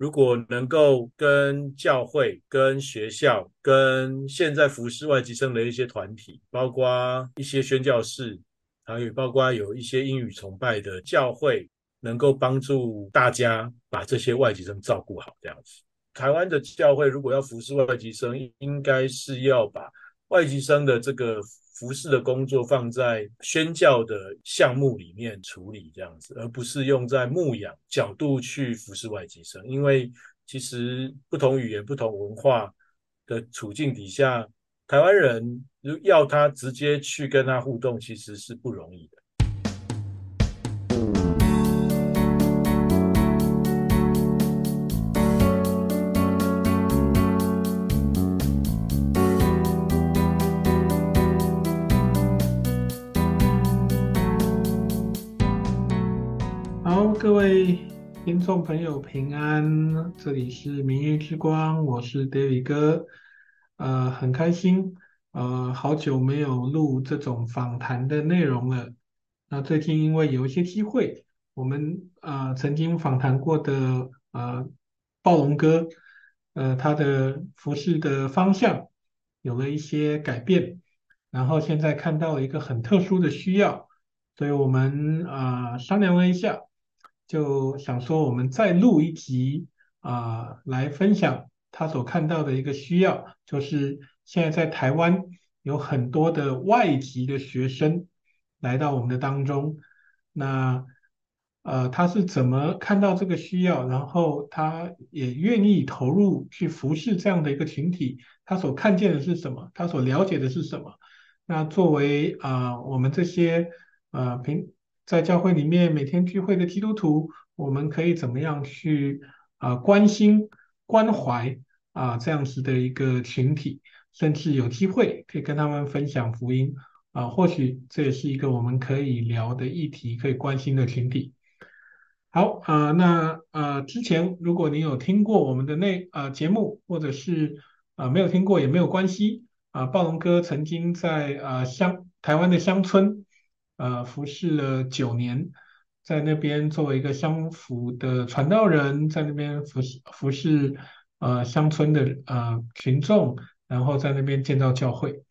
如果能夠跟教會、跟學校、跟現在服侍外籍生的一些團體，包括一些宣教士，還有包括有一些英語崇拜的教會，能夠幫助大家把這些外籍生照顧好，這樣子。台灣的教會如果要服侍外籍生，應該是要把。外籍生的這個服侍的工作放在宣教的項目裡面處理，這樣子，而不是用在牧養角度去服侍外籍生，因為其實不同語言、不同文化的處境底下，台灣人要他直接去跟他互動，其實是不容易的。送朋友平安！這裡是明日之光，我是 David 哥，呃，很開心，呃，好久沒有錄這種訪談的內容了。那最近因為有一些機會，我們呃曾經訪談過的呃暴龍哥，呃他的服事的方向有了一些改變，然後現在看到了一個很特殊的需要，所以我們啊、呃、商量了一下。就想說，我們再錄一集啊、呃，來分享他所看到的一個需要，就是現在在台灣有很多的外籍的學生來到我們的當中，那呃，他是怎麼看到這個需要，然後他也願意投入去服事這樣的一個群體，他所看見的是什麼，他所了解的是什麼？那作為啊、呃，我們這些呃平。在教會裡面每天聚會的基督徒，我們可以怎麼樣去啊、呃、關心關懷啊、呃、這樣子的一個群體，甚至有機會可以跟他們分享福音啊、呃，或許這也是一個我們可以聊的議題，可以關心的群體。好啊、呃，那呃之前如果您有聽過我們的內呃節目，或者是啊、呃、沒有聽過也沒有關係啊，呃、暴龍哥曾經在啊、呃、鄉台灣的鄉村。呃，服侍了九年，在那邊作為一個鄉服的傳道人，在那邊服侍服侍呃鄉村的呃群眾，然後在那邊建造教會。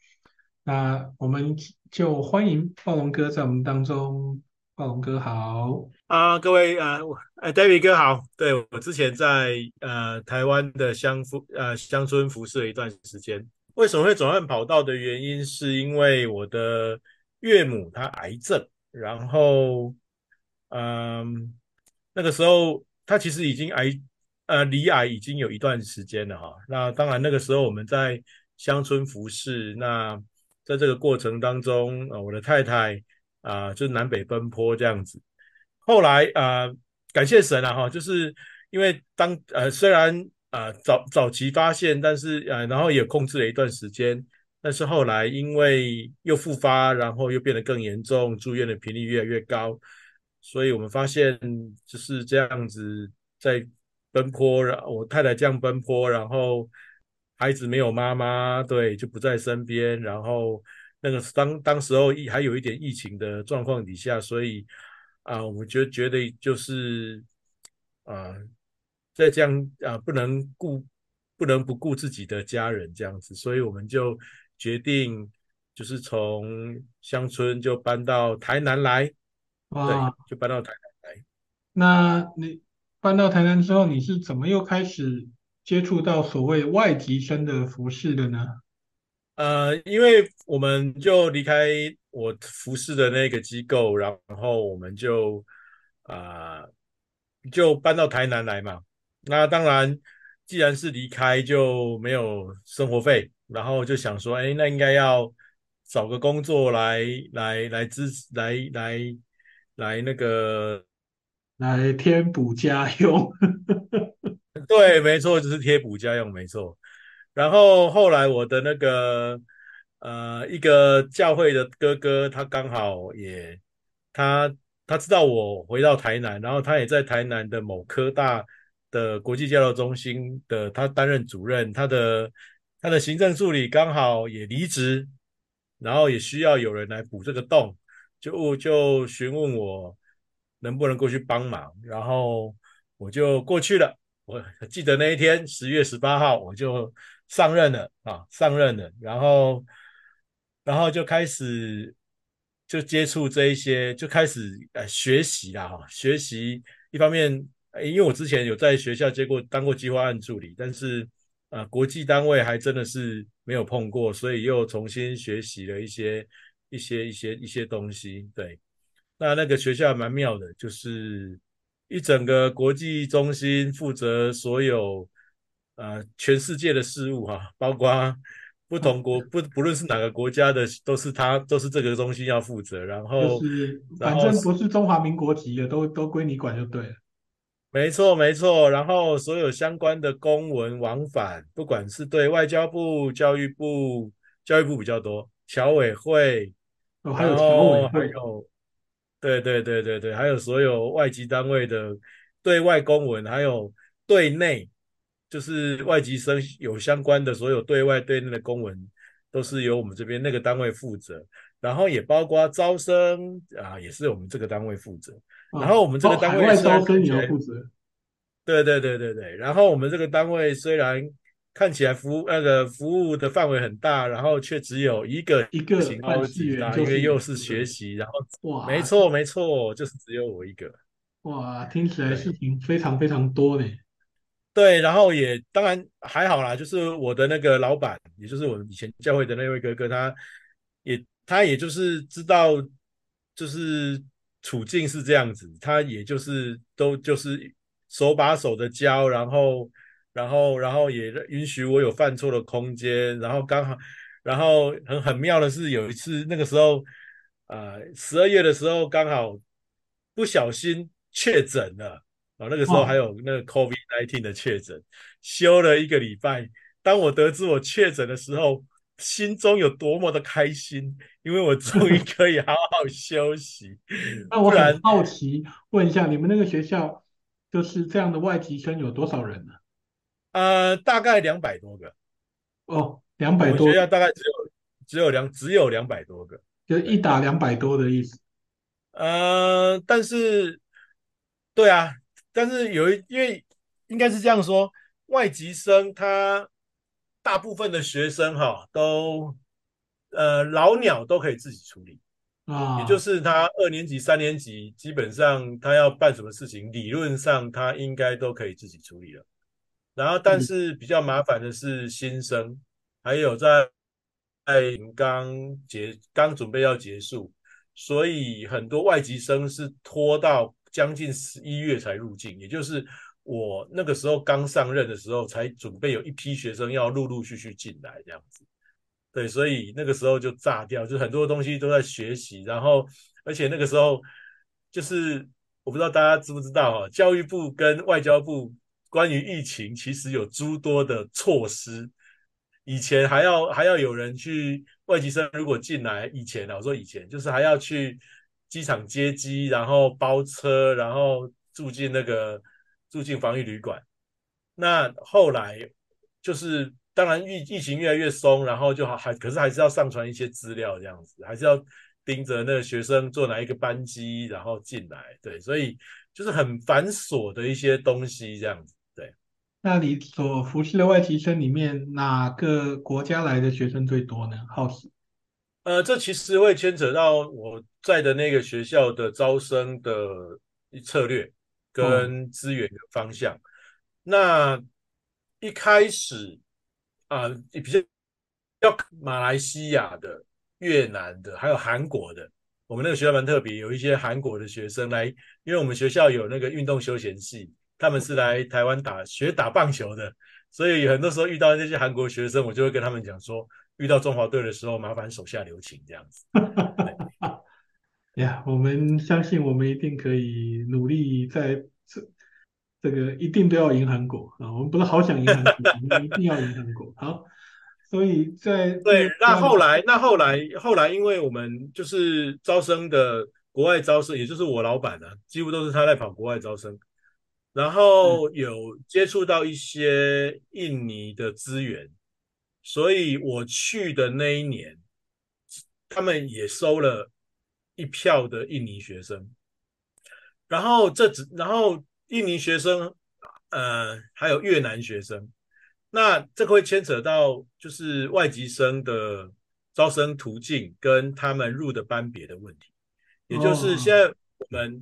那我們就歡迎暴龍哥在我們當中，暴龍哥好啊，各位啊，哎，David 哥好。對，我之前在呃台灣的鄉服呃鄉村服侍了一段時間，為什麼會轉換跑道的原因，是因為我的。岳母她癌症，然後，嗯、呃，那個時候她其實已經癌，呃，罹癌已經有一段時間了哈。那當然那個時候我們在鄉村服事，那在這個過程當中，呃，我的太太啊、呃，就是南北奔波這樣子。後來啊、呃，感謝神啊，哈，就是因為當呃雖然呃早早期發現，但是呃然後也控制了一段時間。但是後來因為又復發，然後又變得更嚴重，住院的頻率越來越高，所以我們發現就是這樣子在奔波，然後我太太這樣奔波，然後孩子沒有媽媽，對，就不在身邊，然後那個當當時候疫還有一點疫情的狀況底下，所以啊、呃，我們覺覺得就是啊、呃，在這樣啊、呃、不能顧不能不顧自己的家人這樣子，所以我們就。決定就是從鄉村就搬到台南來，哇對，就搬到台南來。那你搬到台南之後，你是怎麼又開始接觸到所謂外籍生的服事的呢？呃，因為我們就離開我服事的那個機構，然後我們就啊、呃、就搬到台南來嘛。那當然，既然是離開，就沒有生活費。然後就想說，哎，那應該要找個工作來來來支來來來，來那個來貼補家用。 對，沒錯，就是貼補家用，沒錯。然後後來我的那個呃，一個教會的哥哥，他剛好也他他知道我回到台南，然後他也在台南的某科大的國際交流中心的，他擔任主任，他的。他的行政助理剛好也離職，然後也需要有人來補這個洞，就就詢問我能不能過去幫忙，然後我就過去了。我記得那一天十月十八號我就上任了啊，上任了，然後然後就開始就接觸這一些，就開始呃學習啦，哈，學習一方面，因為我之前有在學校接過當過計劃案助理，但是。呃，國際單位還真的是沒有碰過，所以又重新學習了一些一些一些一些東西。對，那那個學校還蠻妙的，就是一整個國際中心負責所有呃全世界的事務哈、啊，包括不同國不不論是哪個國家的，都是他都是這個中心要負責。然後，就是、反正不是中華民國籍的，都都歸你管就對了。沒錯，沒錯。然後所有相關的公文往返，不管是對外交部、教育部，教育部比較多，僑委會，哦，還有僑委會，還有，對對對對對，還有所有外籍單位的對外公文，還有對內，就是外籍生有相關的所有對外對內的公文，都是由我們這邊那個單位負責。然後也包括招生啊，也是我們這個單位負責。然後我們這個單位雖然、哦哦、雖然，對對對對對，然後我們這個單位雖然看起來服那個、呃、服務的範圍很大，然後卻只有一個一個、啊，資源一個又是學習，對然後哇沒錯沒錯，就是只有我一個。哇，對聽起來事情非常非常多呢。對，然後也當然還好啦，就是我的那個老板，也就是我以前教會的那位哥哥，他也他也就是知道，就是。處境是這樣子，他也就是都就是手把手的教，然後，然後，然後也允許我有犯錯的空間，然後剛好，然後很很妙的是，有一次那個時候，呃，十二月的時候剛好不小心確診了啊，然後那個時候還有那個 COVID-19 的確診，休了一個禮拜。當我得知我確診的時候，心中有多麼的開心，因為我終於可以好好休息。 嗯、然那我很好奇，問一下你們那個學校，就是這樣的外籍生有多少人呢、啊？呃，大概兩百多個。哦，兩百多個。學校大概只有只有兩只有兩百多個，就一打兩百多的意思。呃，但是，對啊，但是有一，因為應該是這樣說，外籍生他。大部分的學生哈都，呃、老鳥都可以自己處理啊，哦、也就是他二年級、三年級，基本上他要辦什麼事情，理論上他應該都可以自己處理了。然後，但是比較麻煩的是新生，嗯、還有在誒剛結、剛準備要結束，所以很多外籍生是拖到將近十一月才入境，也就是。我那個時候剛上任的時候，才準備有一批學生要陸陸續續進來這樣子，對，所以那個時候就炸掉，就很多東西都在學習。然後，而且那個時候就是我不知道大家知不知道啊，教育部跟外交部關於疫情其實有諸多的措施。以前還要還要有人去外籍生如果進來，以前啊，我說以前就是還要去機場接機，然後包車，然後住進那個。住進防疫旅館，那後來就是當然疫疫情越來越鬆，然後就好還可是還是要上傳一些資料，這樣子還是要盯着那個學生坐哪一個班機，然後進來，對，所以就是很繁瑣的一些東西這樣子，對。那你所服侍的外籍生裡面，哪個國家來的學生最多呢？耗時？呃，這其實會牽扯到我在的那個學校的招生的策略，跟資源的方向，嗯、那一開始啊、呃，比較要馬來西亞的、越南的，還有韓國的。我們那個學校蠻特別，有一些韓國的學生來，因為我們學校有那個運動休閒系，他們是來台灣打學打棒球的。所以很多時候遇到那些韓國學生，我就會跟他們講說，遇到中華隊的時候，麻煩手下留情這樣子。 呀，yeah, 我們相信，我們一定可以努力，在這這個一定都要贏韓國啊！我們不是好想贏 我們一定要贏韓國好，所以在對那後來，那後來，後來，因為我們就是招生的國外招生，也就是我老板呢、啊，幾乎都是他在跑國外招生，然後有接觸到一些印尼的資源，嗯、所以我去的那一年，他們也收了。一票的印尼學生，然後這隻，然後印尼學生，呃，還有越南學生，那這個會牽扯到就是外籍生的招生途徑跟他們入的班別的問題，也就是現在我們、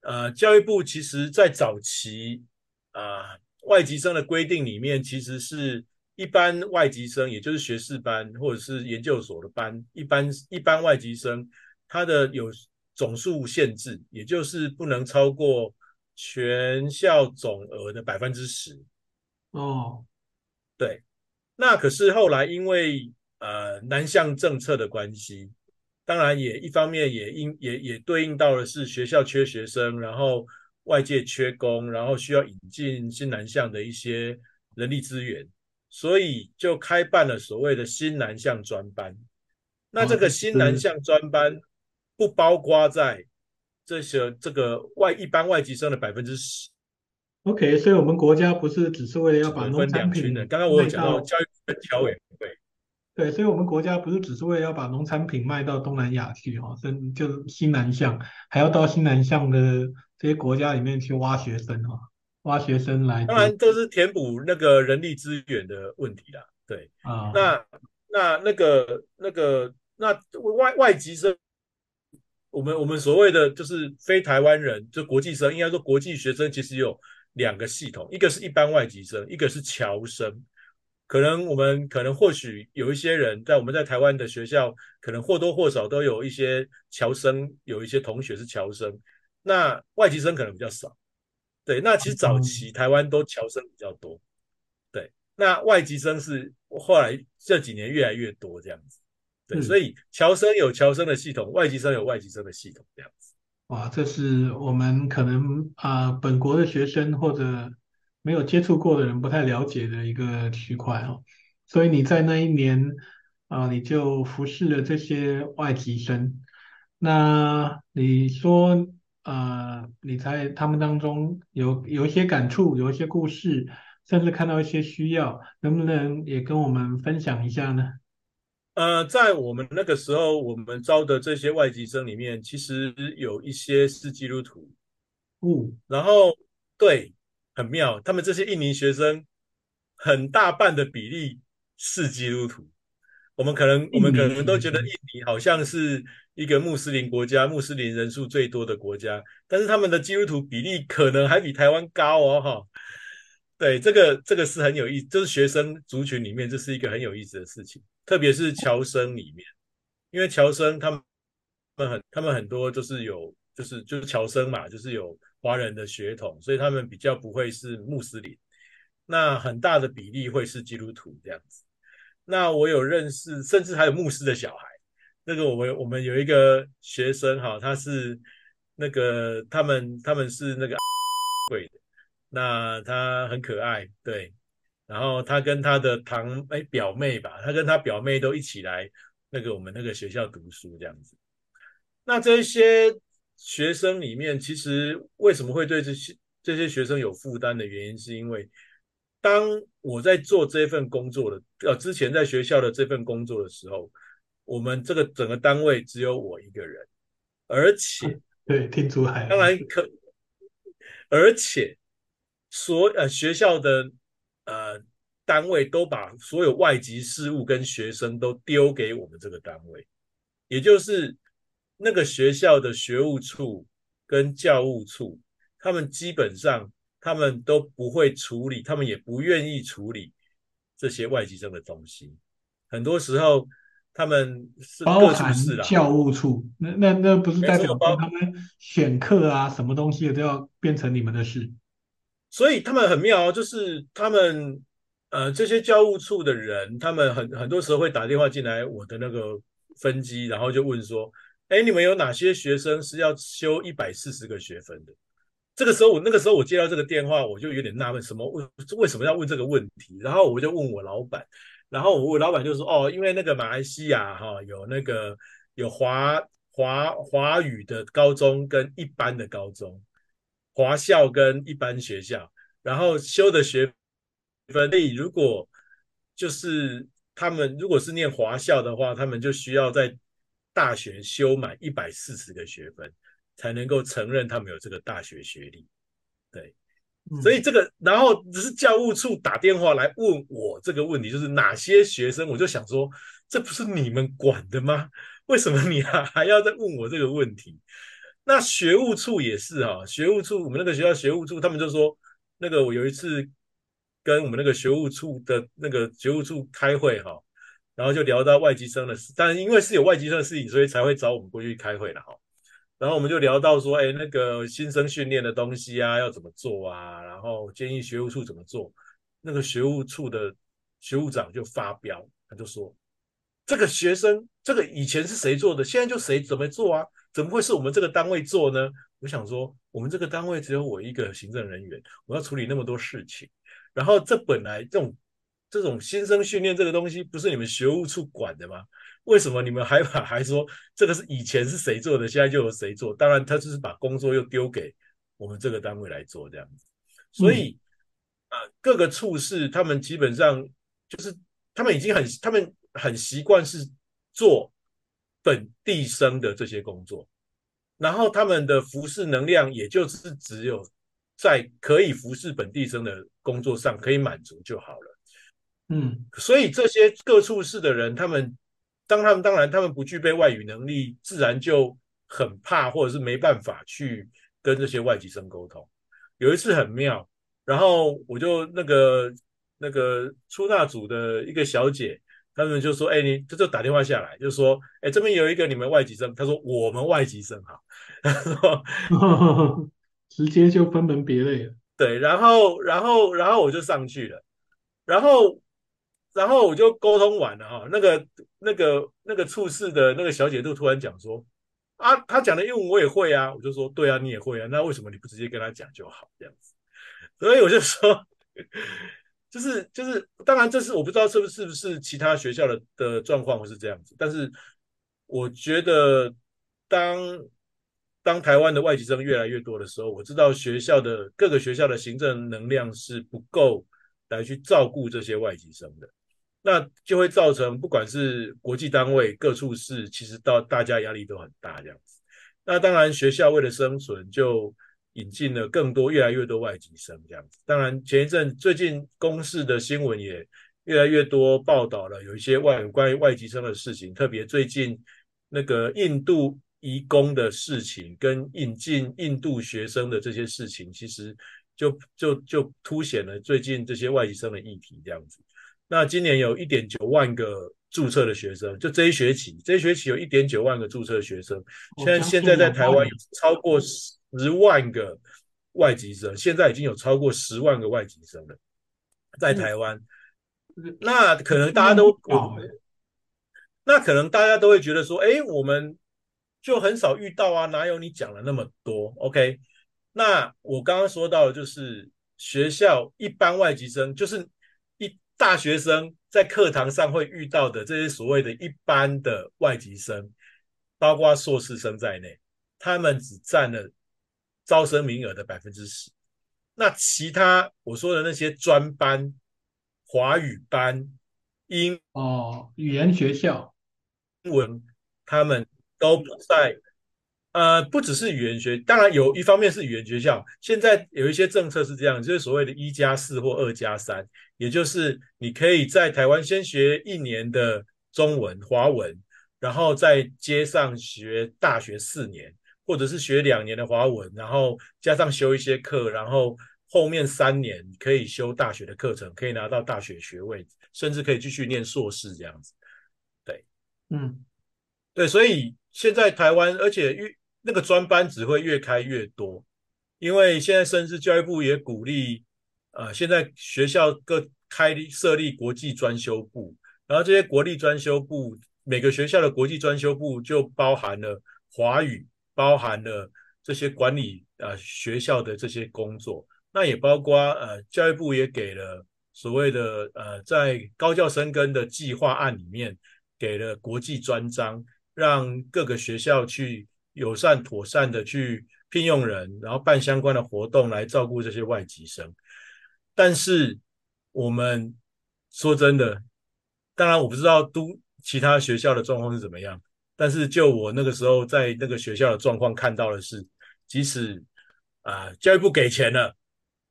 Oh. 呃教育部其實在早期啊、呃、外籍生的規定裡面，其實是一般外籍生，也就是學士班或者是研究所的班，一般一般外籍生。它的有總數限制，也就是不能超過全校總額的百分之十。哦，對，那可是後來因為呃南向政策的關係，當然也一方面也應也也對應到的是學校缺學生，然後外界缺工，然後需要引進新南向的一些人力資源，所以就開辦了所謂的新南向專班。哇那這個新南向專班、嗯。不包括在這些這個外一般外籍生的百分之十。O、okay, K，所以我們國家不是只是為了要把農產品的，剛剛我有講到教育分條誒，對，對，所以我們國家不是只是為了要把農產品賣到東南亞去哈、哦，跟，就新南向，還要到新南向的這些國家裡面去挖學生哈、哦，挖學生來，當然這是填補那個人力資源的問題啦，對啊、哦，那那個、那個那個那外外籍生。我們我們所謂的就是非台灣人，就國際生，應該說國際學生其實有兩個系統，一個是一般外籍生，一個是僑生。可能我們可能或許有一些人在我們在台灣的學校，可能或多或少都有一些僑生，有一些同學是僑生，那外籍生可能比較少。對，那其實早期台灣都僑生比較多，對，那外籍生是後來這幾年越來越多這樣子。對，所以僑生有僑生的系統，嗯、外籍生有外籍生的系統，這樣子。哇，這是我們可能啊、呃，本國的學生或者沒有接觸過的人不太了解的一個區塊哦。所以你在那一年啊、呃，你就服事了這些外籍生。那你說啊、呃，你在他們當中有有一些感觸，有一些故事，甚至看到一些需要，能不能也跟我們分享一下呢？呃，在我們那個時候，我們招的這些外籍生裡面，其實有一些是基督徒。嗯，然後對，很妙，他們這些印尼學生很大半的比例是基督徒。我們可能，我們可能都覺得印尼好像是一個穆斯林國家，穆斯林人數最多的國家，但是他們的基督徒比例可能還比台灣高哦，哦，哈、哦。對，這個這個是很有意思，就是學生族群裡面，這是一個很有意思的事情。特別是僑生裡面，因為僑生他們、他們很、他們很多就是有、就是、就僑生嘛，就是有華人的血統，所以他們比較不會是穆斯林，那很大的比例會是基督徒這樣子。那我有認識，甚至還有牧師的小孩。那個我們、我們有一個學生哈、哦，他是那個他們、他們是那個貴的，那他很可愛，對。然後他跟他的堂，哎，表妹吧，他跟他表妹都一起來那個我們那個學校讀書這樣子。那這些學生裡面，其實為什麼會對這些這些學生有負擔的原因，是因為當我在做這份工作的呃之前，在學校的這份工作的時候，我們這個整個單位只有我一個人，而且對聽出來當然可，而且所呃學校的。呃，單位都把所有外籍事務跟學生都丟給我們這個單位，也就是那個學校的學務處跟教務處，他們基本上他們都不會處理，他們也不願意處理這些外籍生的東西。很多時候，他們是各處事務，包含教務處，啊、那那那不是代表幫他們選課啊，什麼東西的都要變成你們的事。所以他們很妙，就是他們呃這些教務處的人，他們很很多時候會打電話進來我的那個分機，然後就問說：“哎，你們有哪些學生是要修一百四十個學分的？”這個時候我那個時候我接到這個電話，我就有點納悶，什麼為為什麼要問這個問題？然後我就問我老板，然後我問老板就說：“哦，因為那個馬來西亞哈、哦、有那個有華華華語的高中跟一般的高中。”華校跟一般學校，然後修的學分。例如，如果就是他們如果是念華校的話，他們就需要在大學修滿一百四十個學分，才能夠承認他們有這個大學學歷。對，嗯、所以這個然後是教務處打電話來問我這個問題，就是哪些學生，我就想說，這不是你們管的嗎？為什麼你還還要再問我這個問題？那學務處也是哈，學務處我們那個學校學務處，他們就說那個我有一次跟我們那個學務處的那個學務處開會哈，然後就聊到外籍生的事，但因為是有外籍生的事情，所以才會找我們過去開會啦。哈。然後我們就聊到說，哎、欸，那個新生訓練的東西啊，要怎麼做啊？然後建議學務處怎麼做，那個學務處的學務長就發飆，他就說這個學生這個以前是誰做的，現在就誰怎麼做啊？怎麼會是我們這個單位做呢？我想說，我們這個單位只有我一個行政人員，我要處理那麼多事情。然後這本來這種這種新生訓練這個東西，不是你們學務處管的嗎？為什麼你們還把還說這個是以前是誰做的，現在就由誰做？當然，他就是把工作又丟給我們這個單位來做這樣子。所以啊，嗯、各個處室他們基本上就是他們已經很他們很習慣是做。本地生的這些工作，然後他們的服侍能量，也就是只有在可以服侍本地生的工作上可以滿足就好了。嗯，所以這些各處室的人，他們當他們當然，他們不具備外語能力，自然就很怕，或者是沒辦法去跟這些外籍生溝通。有一次很妙，然後我就那個那個出納組的一個小姐。他們就說：“哎、欸，你這就,就打電話下來，就說，哎、欸，這邊有一個你們外籍生。”他說：“我們外籍生哈、哦，直接就分門別類了。對”對，然後，然後，然後我就上去了，然後，然後我就溝通完了哈、哦。那個，那個，那個處室的那個小姐就突然講說：“啊，她講的英文我也會啊。”我就說：“對啊，你也會啊，那為什麼你不直接跟他講就好這樣子？”所以我就說。 就是就是，當然，這是我不知道是不是，是不是其他學校的的狀況會是這樣子。但是，我覺得當當台灣的外籍生越來越多的時候，我知道學校的各個學校的行政能量是不夠來去照顧這些外籍生的，那就會造成不管是國際單位各處事，其實到大家壓力都很大這樣子。那當然，學校為了生存就。引進了更多、越來越多外籍生這樣子。當然，前一陣最近公視的新聞也越來越多報道了，有一些外關於外籍生的事情。特別最近那個印度移工的事情，跟引進印度學生的這些事情，其實就就就凸顯了最近這些外籍生的議題這樣子。那今年有一點九萬個。註冊的學生就這一學期，這一學期有一點九萬個註冊的學生。現在現在在台灣有超過十萬個外籍生，現在已經有超過十萬個外籍生了，在台灣。那，那可能大家都那我，那可能大家都會覺得說，誒，我們就很少遇到啊，哪有你講了那麼多？OK，那我剛剛說到的就是學校一般外籍生，就是一大學生。在課堂上會遇到的這些所謂的一般的外籍生，包括碩士生在內，他們只占了招生名額的百分之十。那其他我說的那些專班、華語班、英，哦，語言學校、英文，他們都不在。呃，不只是語言學，當然有一方面是語言學校。現在有一些政策是這樣，就是所謂的“一加四”或“二加三”，也就是你可以在台灣先學一年的中文、華文，然後再接上學大學四年，或者是學兩年的華文，然後加上修一些課，然後後面三年可以修大學的課程，可以拿到大學學位，甚至可以繼續念碩士這樣子。對，嗯，對，所以現在台灣，而且那個專班只會越開越多，因為現在甚至教育部也鼓勵，呃，現在學校各開立設立國際專修部，然後這些國立專修部，每個學校的國際專修部就包含了華語，包含了這些管理啊、呃、學校的這些工作，那也包括呃，教育部也給了所謂的呃在高教深耕的計劃案裡面，給了國際專章，讓各個學校去。友善、妥善的去聘用人，然後辦相關的活動來照顧這些外籍生。但是我們說真的，當然我不知道都其他學校的狀況是怎麼樣，但是就我那個時候在那個學校的狀況看到的是，即使啊、呃、教育部給錢了，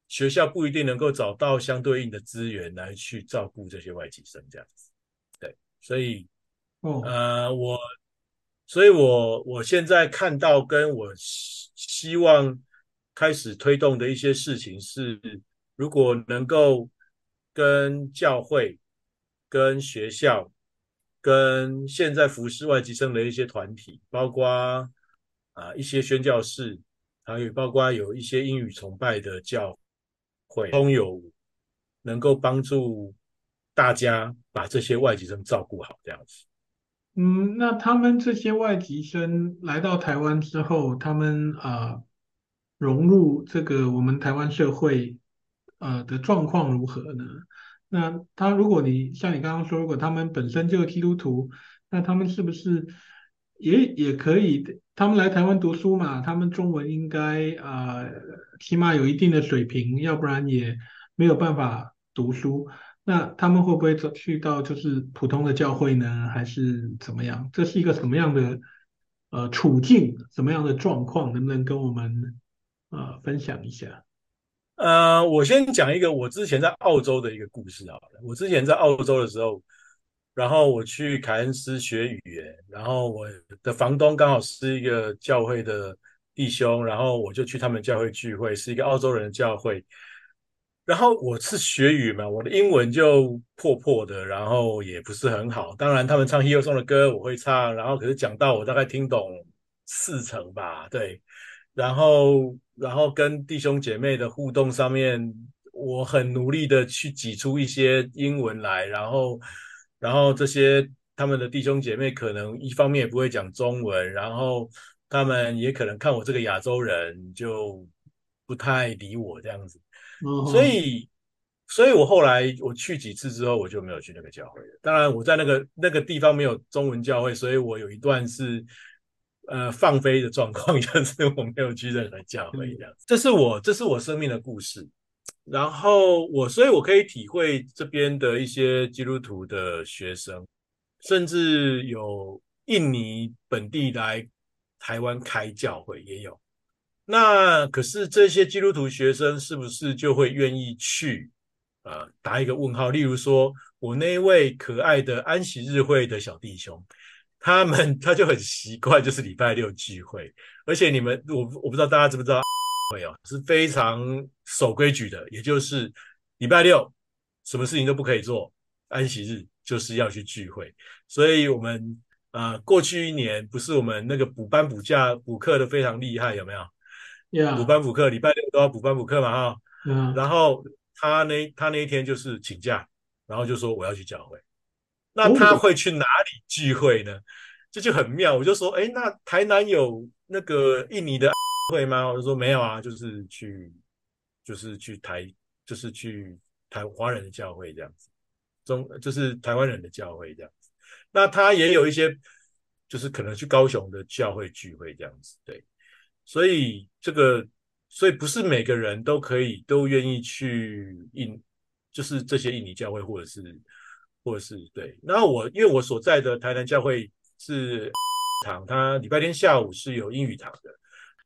學校不一定能夠找到相對應的資源來去照顧這些外籍生這樣子。對，所以，嗯、哦，呃，我。所以我，我我現在看到跟我希望開始推動的一些事情是，如果能夠跟教會、跟學校、跟現在服事外籍生的一些團體，包括啊、呃、一些宣教士，還有包括有一些英語崇拜的教會，通有能夠幫助大家把這些外籍生照顧好，這樣子。嗯，那他們這些外籍生來到台灣之後，他們啊、呃、融入這個我們台灣社會呃的狀況如何呢？那他如果你像你剛剛說，如果他們本身就是基督徒，那他們是不是也也可以？他們來台灣讀書嘛，他們中文應該啊、呃、起碼有一定的水平，要不然也沒有辦法讀書。那他們會不會走去到就是普通的教會呢，還是怎麼樣？這是一個什麼樣的呃處境，什麼樣的狀況？能不能跟我們啊、呃、分享一下？呃，我先講一個我之前在澳洲的一個故事啊。我之前在澳洲的時候，然後我去凱恩斯學語言，然後我的房東剛好是一個教會的弟兄，然後我就去他們教會聚會，是一個澳洲人的教會。然後我是學語嘛，我的英文就破破的，然後也不是很好。當然，他們唱 Hillsong 的歌我會唱，然後可是講到我大概聽懂四成吧，對。然後，然後跟弟兄姐妹的互動上面，我很努力的去擠出一些英文來，然後，然後這些他們的弟兄姐妹可能一方面也不會講中文，然後他們也可能看我這個亞洲人就不太理我這樣子。Uh huh. 所以，所以我後來我去幾次之後，我就沒有去那個教會。當然，我在那個那個地方沒有中文教會，所以我有一段是呃放飛的狀況，就是我沒有去任何教會這樣子。這是我這是我生命的故事。然後我，所以我可以體會這邊的一些基督徒的學生，甚至有印尼本地來台灣開教會也有。那可是這些基督徒學生是不是就會願意去？呃，打一個問號。例如說，我那一位可愛的安息日會的小弟兄，他們他就很奇怪，就是禮拜六聚會。而且你們，我我不知道大家知不知道，會啊、哦、是非常守規矩的，也就是禮拜六什麼事情都不可以做，安息日就是要去聚會。所以，我們呃過去一年不是我們那個補班補假補課的非常厲害，有沒有？補 Yeah. 班補課，禮拜六都要補班補課嘛哈，Yeah. 然後他那他那一天就是請假，然後就說我要去教會，那他會去哪裡聚會呢？Oh. 這就很妙。我就說，哎，那台南有那個印尼的、yeah. 會嗎？我就說沒有啊，就是去就是去台就是去台華人的教會這樣子，中就是台灣人的教會這樣子。那他也有一些 Yeah. 就是可能去高雄的教會聚會這樣子，對。所以這個，所以不是每個人都可以都願意去印，就是這些印尼教會或者是，或者是對。那我因為我所在的台南教會是、X、堂，它禮拜天下午是有英語堂的，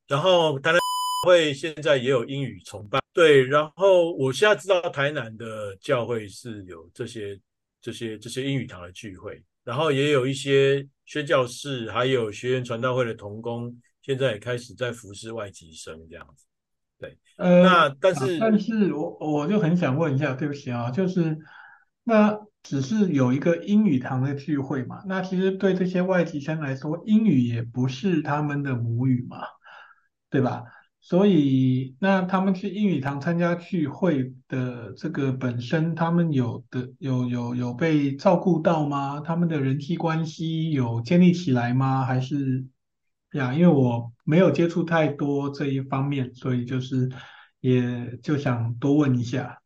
然後台南教會現在也有英語崇拜，對。然後我現在知道台南的教會是有這些、這些、這些英語堂的聚會，然後也有一些宣教士，還有學院傳道會的同工。現在也開始在服侍外籍生這樣子，對，呃，那但是、呃啊、但是我我就很想問一下，對不起啊，就是那只是有一個英語堂的聚會嘛，那其實對這些外籍生來說，英語也不是他們的母語嘛，對吧？所以那他們去英語堂參加聚會的這個本身，他們有的有有有被照顧到嗎？他們的人際關係有建立起來嗎？還是？呀，因為我沒有接觸太多這一方面，所以就是也就想多問一下。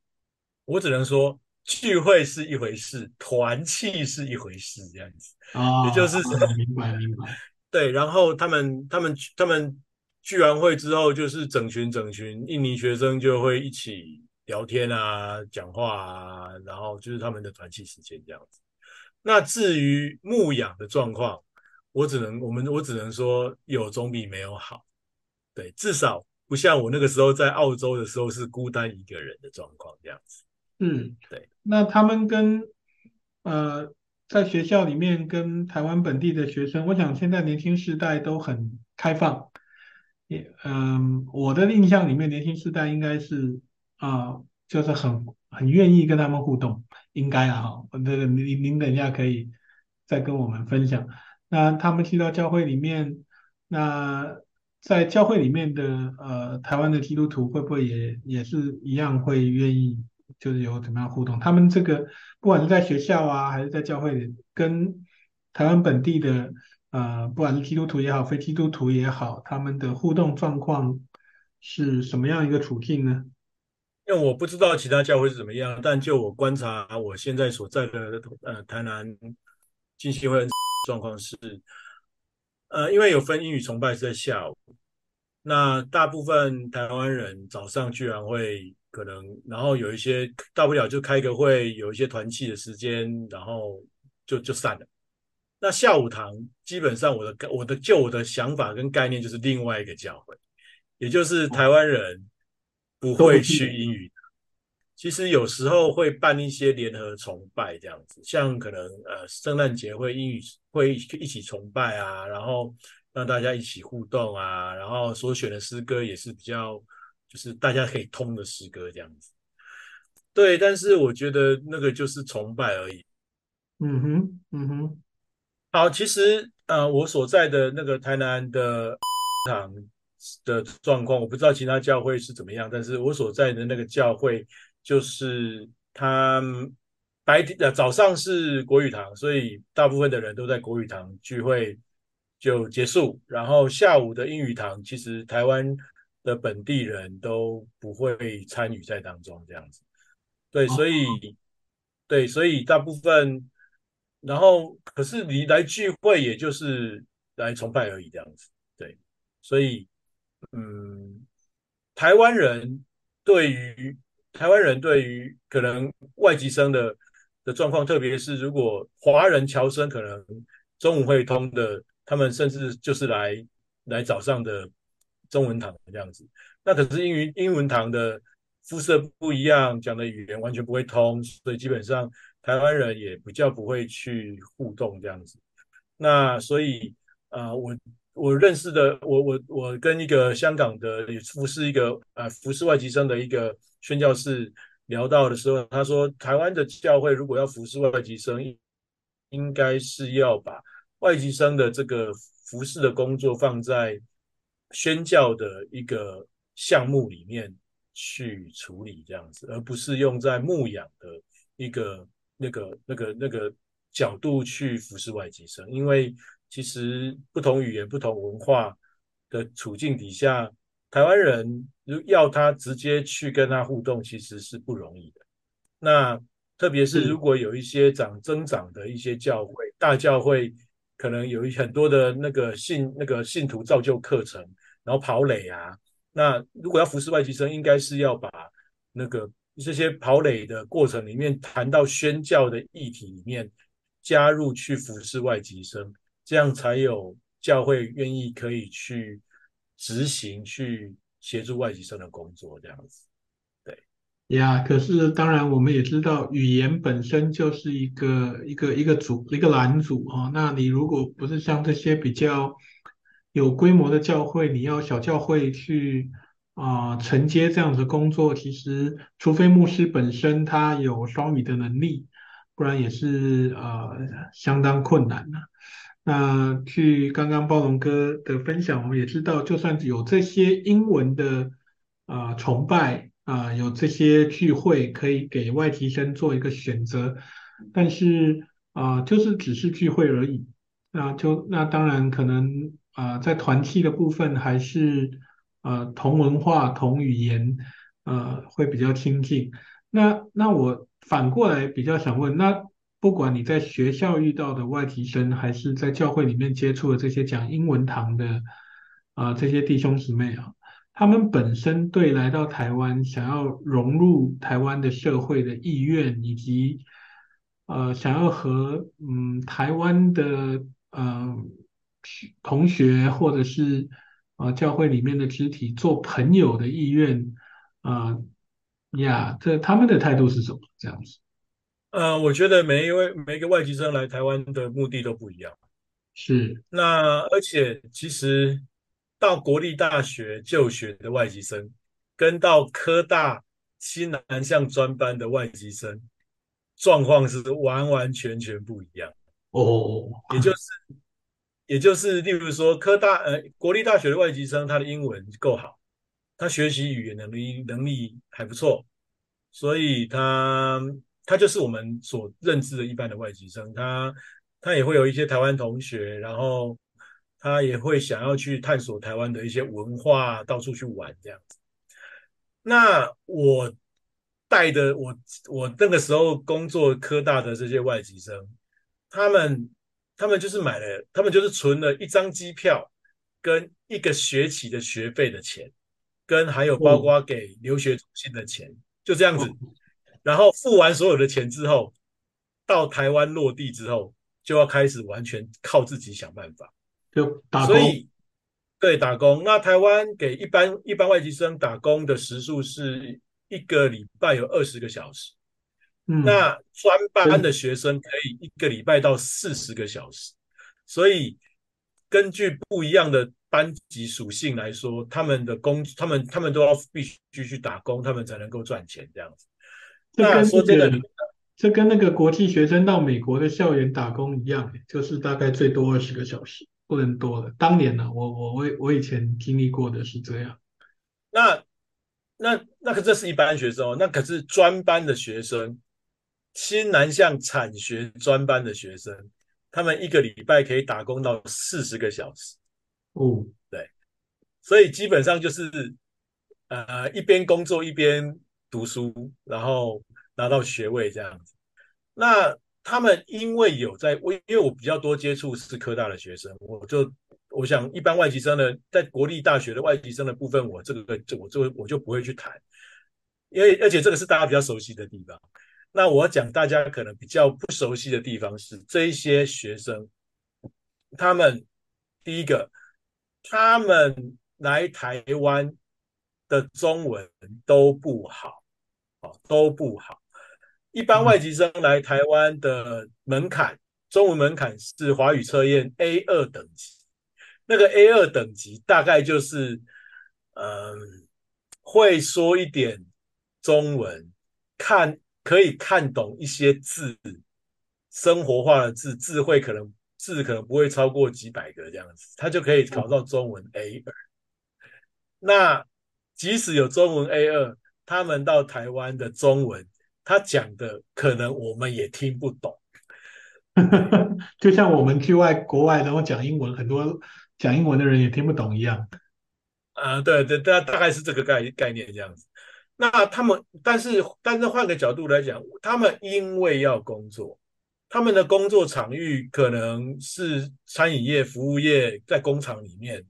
我只能說聚會是一回事，團契是一回事，這樣子。哦，也就是、啊、明白了對明白了。對，然後他們他們他們聚完會之後，就是整群整群印尼學生就會一起聊天啊、講話啊，然後就是他們的團契時間這樣子。那至於牧養的狀況。我只能，我們我只能說有總比沒有好，對，至少不像我那個時候在澳洲的時候是孤單一個人的狀況這樣子。嗯，對。那他們跟呃，在學校裡面跟台灣本地的學生，我想現在年輕世代都很開放。也，嗯、呃，我的印象裡面年輕世代應該是啊、呃，就是很很願意跟他們互動。應該啊，哈、這個，個您您等一下可以再跟我們分享。那他們去到教會裡面，那在教會裡面的呃，台灣的基督徒會不會也也是一樣會願意，就是有怎麼樣互動？他們這個不管是在學校啊，還是在教會裡，跟台灣本地的呃，不管是基督徒也好，非基督徒也好，他們的互動狀況是什麼樣一個處境呢？因為我不知道其他教會是怎麼樣，但就我觀察，我現在所在的呃台南浸信會。狀況是，呃，因為有分英語崇拜是在下午，那大部分台灣人早上居然會可能，然後有一些大不了就開個會，有一些團契的時間，然後就就散了。那下午堂基本上我的我的就我的想法跟概念就是另外一個教會，也就是台灣人不會去英語。其實有時候會辦一些聯合崇拜這樣子，像可能呃聖誕節會一會一起崇拜啊，然後讓大家一起互動啊，然後所選的詩歌也是比較就是大家可以通的詩歌這樣子。對，但是我覺得那個就是崇拜而已。嗯哼，嗯哼。好，其實呃我所在的那個台南的場 的狀況，我不知道其他教會是怎麼樣，但是我所在的那個教會。就是他白天呃早上是國語堂，所以大部分的人都在國語堂聚會就結束，然後下午的英語堂其實台灣的本地人都不會參與在當中這樣子，對，所以對，所以大部分，然後可是你來聚會也就是來崇拜而已這樣子，對，所以嗯，台灣人對於台灣人對於可能外籍生的的狀況，特別是如果華人僑生可能中文會通的，他們甚至就是來來早上的中文堂這樣子。那可是英語英文堂的膚色不一樣，講的語言完全不會通，所以基本上台灣人也比較不會去互動這樣子。那所以啊、呃，我我認識的，我我我跟一個香港的也服侍一個呃服侍外籍生的一個。宣教士聊到的時候，他說：“台灣的教會如果要服侍外籍生，應該是要把外籍生的這個服侍的工作放在宣教的一個項目裡面去處理，這樣子，而不是用在牧養的一個那個那個那個角度去服侍外籍生，因為其實不同語言、不同文化的處境底下。”台灣人如要他直接去跟他互動，其實是不容易的。那特別是如果有一些長增長的一些教會，大教會可能有很多的那個信那個信徒造就課程，然後跑壘啊。那如果要服事外籍生，應該是要把那個這些跑壘的過程裡面談到宣教的議題裡面加入去服事外籍生，這樣才有教會願意可以去，執行去協助外籍生的工作，這樣子，對，呀。Yeah, 可是當然，我們也知道，語言本身就是一個一個一個組，一個攔阻啊。那你如果不是像這些比較有規模的教會，你要小教會去啊、呃、承接這樣子的工作，其實除非牧師本身他有雙語的能力，不然也是呃相當困難的，啊。那據剛剛暴龍哥的分享，我們也知道，就算有這些英文的啊、呃、崇拜啊、呃，有這些聚會可以給外籍生做一個選擇，但是啊、呃，就是只是聚會而已。那、呃、就那當然可能啊、呃，在團契的部分還是呃同文化同語言呃會比較親近。那那我反過來比較想問那。不管你在學校遇到的外籍生，還是在教會裡面接觸的這些講英文堂的啊、呃，這些弟兄姊妹啊，他們本身對來到台灣想要融入台灣的社會的意願，以及呃想要和嗯台灣的呃同學或者是呃教會裡面的肢體做朋友的意願啊，呀、呃，yeah, 這他們的態度是什麼？這樣子？呃，我覺得每一位每一個外籍生來台灣的目的都不一樣，是。那而且其實到國立大學就學的外籍生，跟到科大西南向專班的外籍生狀況是完完全全不一樣哦，oh. 也就是也就是例如說科大呃國立大學的外籍生，他的英文夠好，他學習語言能力能力還不錯，所以他。他就是我們所認知的一般的外籍生，他他也會有一些台灣同學，然後他也會想要去探索台灣的一些文化，到處去玩這樣子。那我帶的我我那個時候工作科大的這些外籍生，他們他們就是買了，他們就是存了一張機票跟一個學期的學費的錢，跟還有包括給留學中心的錢，哦、就這樣子。哦然後付完所有的錢之後，到台灣落地之後，就要開始完全靠自己想辦法，就打工。所以，對，打工。那台灣給一般一般外籍生打工的時數是一個禮拜有二十個小時，嗯，那專班的學生可以一個禮拜到四十個小時。對所以根據不一樣的班級屬性來說，他們的工，他們他們都要必須去打工，他們才能夠賺錢這樣子。對，這跟那個，那說這個、這跟那個國際學生到美國的校園打工一樣，就是大概最多二十個小時，不能多了。當年呢，我我我我以前經歷過的是這樣。那那那可是這是一般學生哦，那可是專班的學生，新南向產學專班的學生，他們一個禮拜可以打工到四十個小時。嗯，對。所以基本上就是，呃，一邊工作一邊。讀書，然後拿到學位這樣子。那他們因為有在，我因為我比較多接觸是科大的學生，我就我想一般外籍生的，在國立大學的外籍生的部分，我這個就我就我就不會去談，因為而且這個是大家比較熟悉的地方。那我要講大家可能比較不熟悉的地方是，這一些學生他們第一個，他們來台灣的中文都不好。哦，都不好。一般外籍生來台灣的門檻，嗯、中文門檻是華語測驗 A2 等級。那個 A2 等級大概就是，嗯、呃，會說一點中文，看可以看懂一些字，生活化的字，字會可能字可能不會超過幾百個這樣子，他就可以考到中文 A2。嗯、那即使有中文 A2。他們到台灣的中文，他講的可能我們也聽不懂， 就像我們去外國外，然後講英文，很多講英文的人也聽不懂一樣。啊、呃，對對，大大概是這個概念概念這樣子。那他們，但是但是換個角度來講，他們因為要工作，他們的工作場域可能是餐飲業、服務業，在工廠裡面，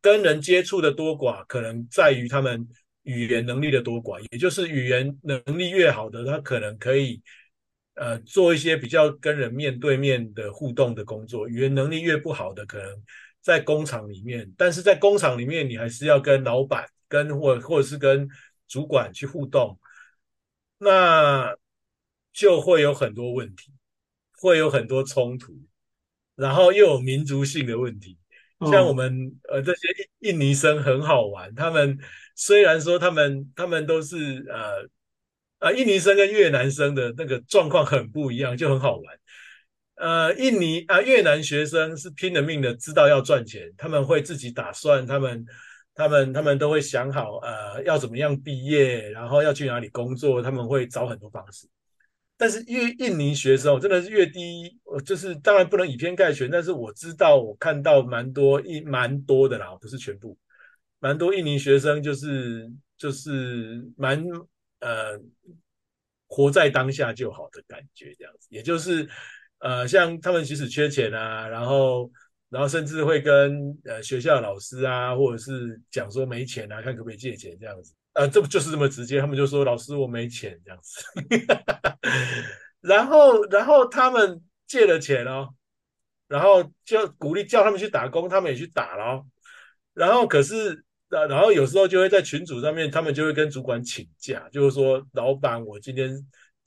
跟人接觸的多寡，可能在於他們。語言能力的多寡，也就是語言能力越好的，他可能可以呃做一些比較跟人面對面的互動的工作；語言能力越不好的，可能在工廠裡面。但是在工廠裡面，你還是要跟老闆、跟或或者是跟主管去互動，那就會有很多問題，會有很多衝突，然後又有民族性的問題，像我們、嗯、呃這些印尼生很好玩，他們。雖然說他們他們都是呃呃、啊、印尼生跟越南生的那個狀況很不一樣，就很好玩。呃，印尼啊越南學生是拼了命的，知道要賺錢，他們會自己打算，他們他們他們都會想好呃要怎麼樣畢業，然後要去哪裡工作，他們會找很多方式。但是越印尼學生我真的是越低，我就是當然不能以偏概全，但是我知道我看到蠻多一蠻多的啦，不是全部。蠻多印尼學生就是就是蠻呃活在當下就好的感覺這樣子，也就是呃像他們即使缺錢啊，然後然後甚至會跟呃學校的老師啊或者是講說沒錢啊，看可不可以借錢這樣子，呃這不就是這麼直接？他們就說，老師我沒錢這樣子， 然後然後他們借了錢哦，然後就鼓勵叫他們去打工，他們也去打咯，然後可是。然然後有時候就會在群組上面，他們就會跟主管請假，就是說老闆，我今天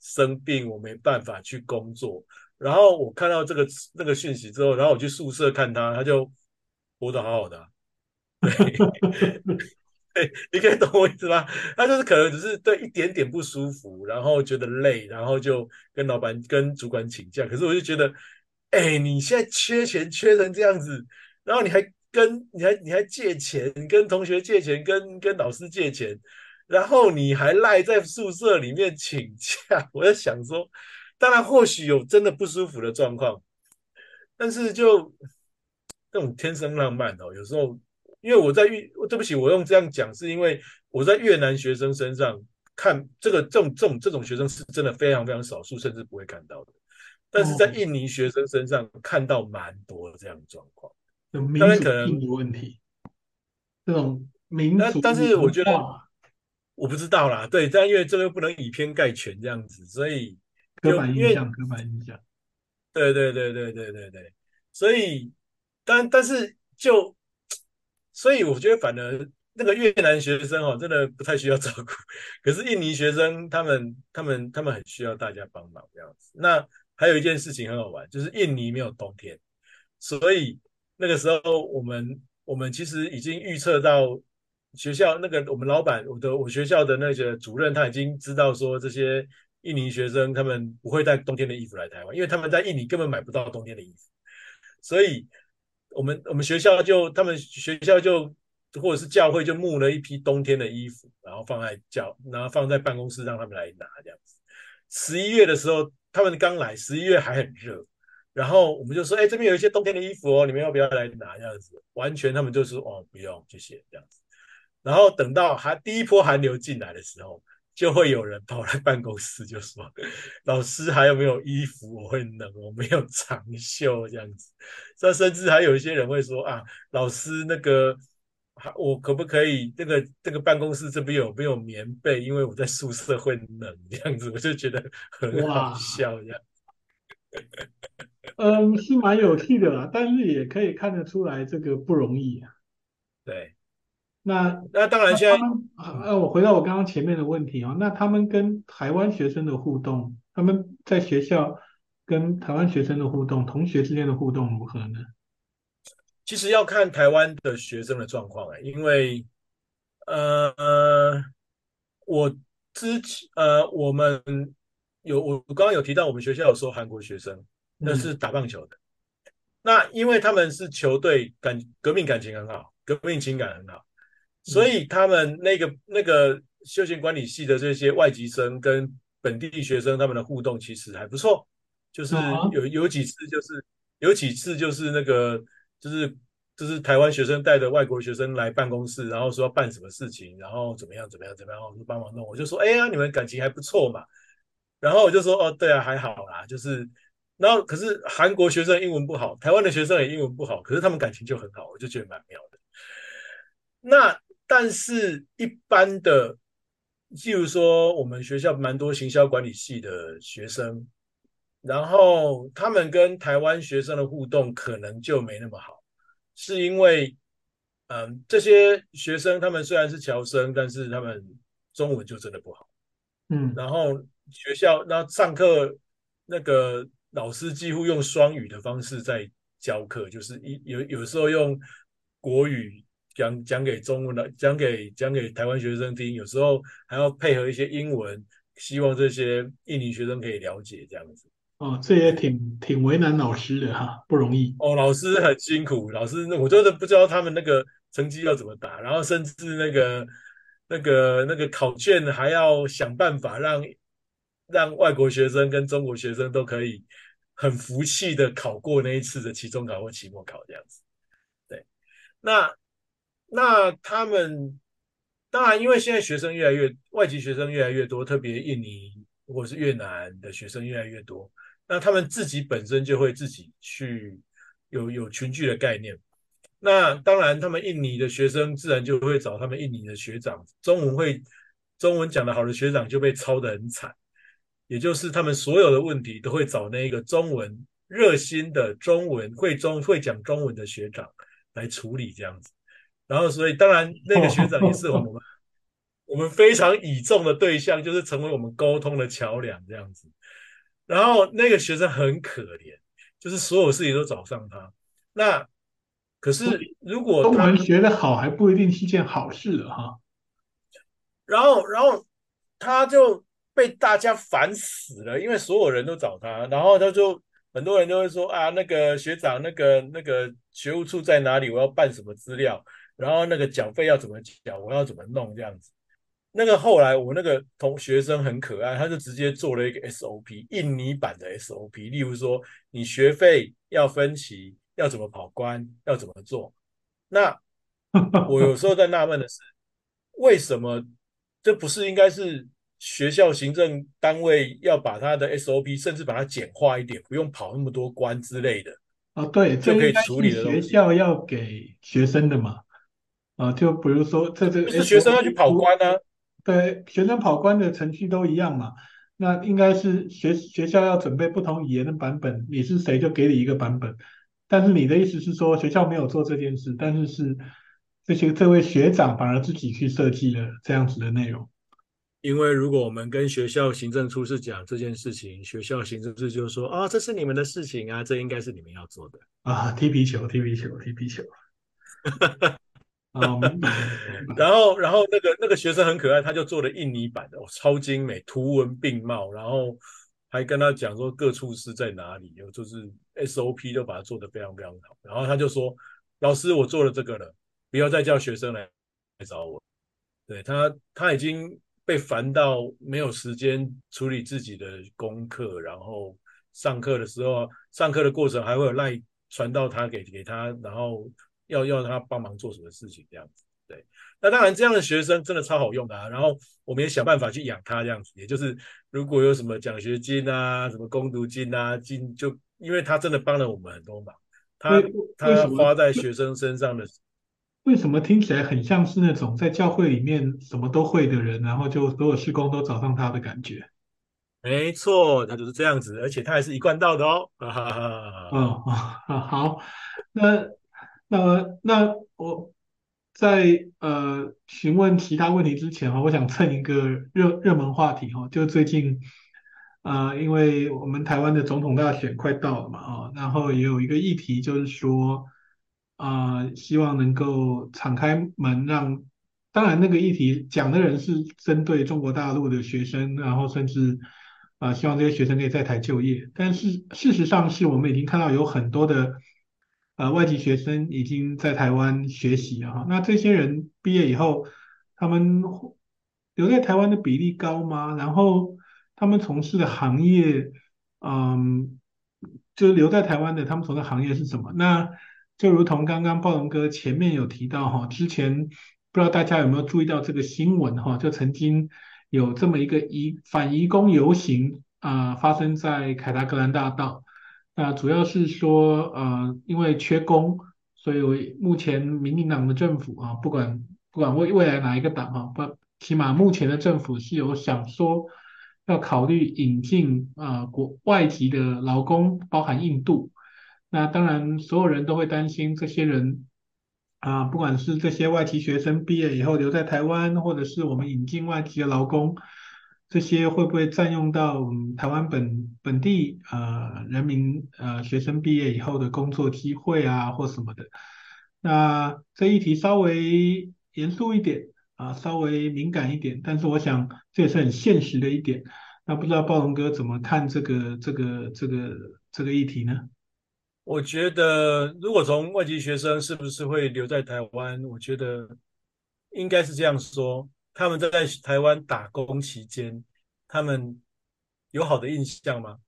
生病，我沒辦法去工作。然後我看到這個那、這個訊息之後，然後我去宿舍看他，他就活得好好的啊。對、 哎，你可以懂我意思嗎？他就是可能只是對一點點不舒服，然後覺得累，然後就跟老闆跟主管請假。可是我就覺得，哎，你現在缺錢缺成這樣子，然後你還，跟你還你還借錢，跟同學借錢，跟跟老師借錢，然後你還賴在宿舍裡面請假。我在想說，當然或許有真的不舒服的狀況，但是就這種天生浪漫哦，有時候因為我在越，對不起，我用這樣講，是因為我在越南學生身上看這個這種這種這種學生是真的非常非常少數，甚至不會看到的，但是在印尼學生身上看到蠻多的這樣的狀況。當然可能問題，這種民族，但但是我覺得我不知道啦。對，但因為這個不能以偏概全這樣子，所以刻板印象，為刻板印象。對對對對對對對，所以但但是就所以我覺得反而那個越南學生哦，真的不太需要照顧。可是印尼學生他們他們他們很需要大家幫忙這樣子。那還有一件事情很好玩，就是印尼沒有冬天，所以。那個時候，我們我們其實已經預測到學校那個我們老闆，我的我學校的那些主任，他已經知道說，這些印尼學生他們不會帶冬天的衣服來台灣，因為他們在印尼根本買不到冬天的衣服，所以我們我們學校就他們學校就或者是教會就募了一批冬天的衣服，然後放在教，然後放在辦公室讓他們來拿這樣子。十一月的時候，他們剛來，十一月還很熱。然後我們就說，哎，這邊有一些冬天的衣服哦，你們要不要來拿？這樣子，完全他們就說，哦，不用，謝謝這樣子。然後等到還第一波寒流進來的時候，就會有人跑來辦公室就說，老師還有沒有衣服？我會冷，我沒有長袖這樣子。這甚至還有一些人會說，啊，老師那個，我可不可以這、那個這、那個辦公室這邊有沒有棉被？因為我在宿舍會冷這樣子。我就覺得很好笑哇這樣。嗯，是蠻有趣的啦，但是也可以看得出來，這個不容易啊。對，那那當然，現在呃，我回到我剛剛前面的問題啊哦，那他們跟台灣學生的互動，他們在學校跟台灣學生的互動，同學之間的互動如何呢？其實要看台灣的學生的狀況哎，因為呃，我之前呃，我們有我剛剛有提到，我們學校有說韓國學生。嗯、那是打棒球的。那因為他們是球隊感革命感情很好，革命情感很好，所以他們那個那個休閒管理系的這些外籍生跟本地學生他們的互動其實還不錯，就是有有幾次就是有幾次就是那個就是就是台灣學生帶着外國學生來辦公室，然後說要辦什麼事情，然後怎麼樣怎麼樣怎麼樣，我就幫忙弄，我就說哎呀你們感情還不錯嘛，然後我就說哦對啊還好啦，就是。然後，可是韓國學生英文不好，台灣的學生也英文不好，可是他們感情就很好，我就覺得蠻妙的。那但是一般的，譬如說我們學校蠻多行銷管理系的學生，然後他們跟台灣學生的互動可能就沒那麼好，是因為，嗯，這些學生他們雖然是僑生，但是他們中文就真的不好，嗯，然後學校然後上課那個。老師幾乎用雙語的方式在教課，就是一有有時候用國語講講給中文的講給講給台灣學生聽，有時候還要配合一些英文，希望這些印尼學生可以了解這樣子。哦，這也挺挺為難老師的哈，不容易。哦，老師很辛苦，老師我真的不知道他們那個成績要怎麼打，然後甚至那個那個那個考卷還要想辦法讓讓外國學生跟中國學生都可以很服氣的考過那一次的期中考或期末考這樣子，對。那那他們當然因為現在學生越來越外籍學生越來越多，特別印尼或是越南的學生越來越多，那他們自己本身就會自己去有有群聚的概念。那當然，他們印尼的學生自然就會找他們印尼的學長，中文會中文講的好的學長就被抄的很慘。也就是他們所有的問題都會找那個中文熱心的中文會中會講中文的學長來處理這樣子，然後所以當然那個學長也是我們我們非常倚重的對象，就是成為我們溝通的橋樑這樣子。然後那個學生很可憐，就是所有事情都找上他。那可是如果他中文學的好還不一定是一件好事的哈。然後然後他就。被大家煩死了，因為所有人都找他，然後他就很多人都會說啊，那個學長，那個那個學務處在哪裡？我要辦什麼資料？然後那個繳費要怎麼繳？我要怎麼弄？這樣子。那個後來，我那個同學生很可愛，他就直接做了一個 SOP，印尼版的 SOP。例如說，你學費要分期，要怎麼跑關，要怎麼做？那我有時候在納悶的是， 為什麼這不是應該是？學校行政單位要把他的 SOP，甚至把它簡化一點，不用跑那麼多關之類的啊，哦、對，就可以處理學校要給學生的嘛，啊，就比如說這這，是學生要去跑關呢、啊？對，學生跑關的程序都一樣嘛？那應該是學學校要準備不同語言的版本，你是誰就給你一個版本。但是你的意思是說，學校沒有做這件事，但是是這些這位學長反而自己去設計了這樣子的內容。因為如果我們跟學校行政處室講這件事情，學校行政處室就說：“啊、哦，這是你們的事情啊，這應該是你們要做的啊，踢皮球，踢皮球，踢皮球。”哈哈，啊，然後，然後那個那個學生很可愛，他就做了印尼版的、哦，超精美，圖文並茂，然後還跟他講說各處室在哪裡，就是 SOP 都把它做得非常非常好，然後他就說：“老師，我做了這個了，不要再叫學生來來找我。對”對他，他已經。被煩到沒有時間處理自己的功課，然後上課的時候，上課的過程還會有賴傳到他給給他，然後要要他幫忙做什麼事情這樣子。對，那當然這樣的學生真的超好用的啊。然後我們也想辦法去養他這樣子，也就是如果有什麼獎學金啊、什麼工讀金啊金就，就因為他真的幫了我們很多忙，他他花在學生身上的。為什麼聽起來很像是那種在教會裡面什麼都會的人，然後就所有事工都找上他的感覺？沒錯，他就是這樣子，而且他還是一貫道的哦。啊哈哈，好，那那那我在，在呃詢問其他問題之前我想蹭一個熱熱門話題哈，就最近，呃，因為我們台灣的總統大選快到了嘛，啊，然後也有一個議題就是說。啊、呃，希望能夠敞開門讓，當然那個議題講的人是針對中國大陸的學生，然後甚至啊、呃，希望這些學生可以在台就業。但是事實上是我們已經看到有很多的呃外籍學生已經在台灣學習哈，那這些人畢業以後，他們留在台灣的比例高嗎？然後他們從事的行業，嗯、呃，就是留在台灣的他們從事的行業是什麼？那？就如同剛剛暴龍哥前面有提到哈，之前不知道大家有沒有注意到這個新聞哈，就曾經有這麼一個移，反移工遊行啊，發生在凱達格蘭大道，那主要是說呃，因為缺工，所以我目前民進黨的政府啊，不管不管未未來哪一個黨哈，不，起碼目前的政府是有想說要考慮引進啊國外籍的勞工，包含印度。那當然，所有人都會擔心這些人啊，不管是這些外籍學生畢業以後留在台灣，或者是我們引進外籍的勞工，這些會不會占用到我們台灣本本地呃人民呃學生畢業以後的工作機會啊，或什麼的？那這一題稍微嚴肅一點啊，稍微敏感一點，但是我想這也是很現實的一點。那不知道暴龍哥怎麼看這個這個這個這個議題呢？我覺得，如果從外籍學生是不是會留在台灣？我覺得應該是這樣說：他們在台灣打工期間，他們有好的印象嗎？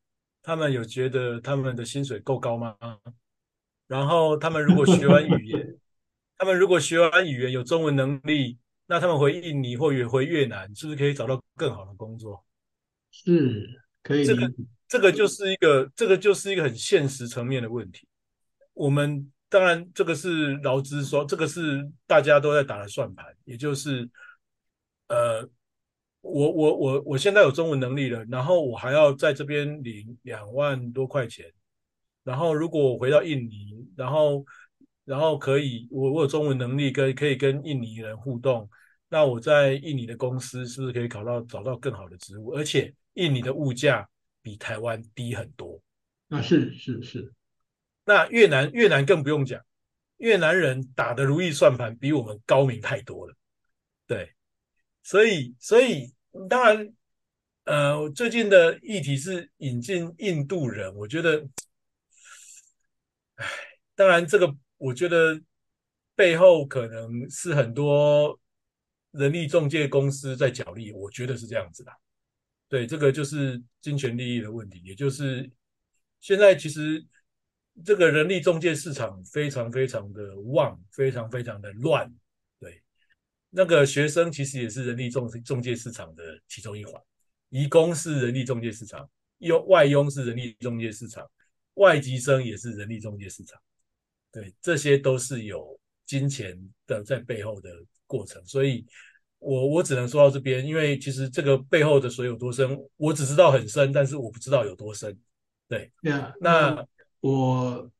他們有覺得他們的薪水夠高嗎？然後，他們如果學完語言， 他們如果學完語言有中文能力，那他們回印尼或也回越南，是不是可以找到更好的工作？是可以這個就是一個，這個就是一個很現實層面的問題。我們當然，這個是勞資說，這個是大家都在打的算盤，也就是，呃，我我我我現在有中文能力了，然後我還要在這邊領兩萬多塊錢，然後如果我回到印尼，然後然後可以，我我有中文能力跟可以跟印尼人互動，那我在印尼的公司是不是可以考到找到更好的職務？而且印尼的物價。比台灣低很多，那是是是、是是，那越南越南更不用講，越南人打的如意算盤比我們高明太多了。對，所以所以當然，呃，最近的議題是引進印度人，我覺得，唉，當然這個我覺得背後可能是很多人力仲介公司在角力，我覺得是這樣子的。對，這個就是金錢利益的問題，也就是現在其實這個人力中介市場非常非常的旺，非常非常的亂。對，那個學生其實也是人力中中介市場的其中一環，移工是人力中介市場，外傭是人力中介市場，外籍生也是人力中介市場。對，這些都是有金錢的在背後的過程，所以。我我只能說到這邊，因為其實這個背後的水有多深，我只知道很深，但是我不知道有多深。對，yeah, 那我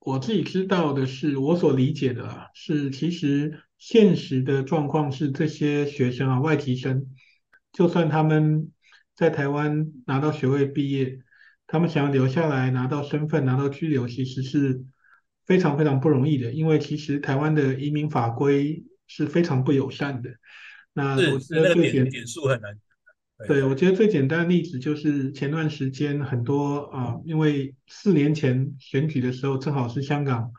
我自己知道的是，我所理解的是，其實現實的狀況是，這些學生啊，外籍生，就算他們在台灣拿到學位畢業，他們想要留下來拿到身份拿到居留，其實是非常非常不容易的，因為其實台灣的移民法規是非常不友善的。那我覺得最簡點數很難講。對,對，我覺得最簡單的例子就是前段時間很多啊、呃，因為四年前選舉的時候，正好是香港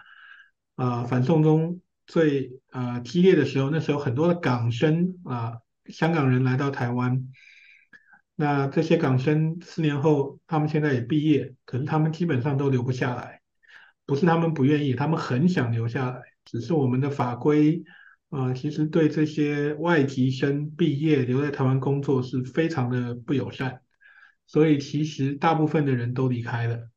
啊、呃、反送中最啊、呃、激烈的時候。那時候很多的港生啊、呃，香港人來到台灣，那這些港生四年後，他們現在也畢業，可是他們基本上都留不下來，不是他們不願意，他們很想留下來，只是我們的法規。啊、呃，其實對這些外籍生畢業留在台灣工作是非常的不友善，所以其實大部分的人都離開了。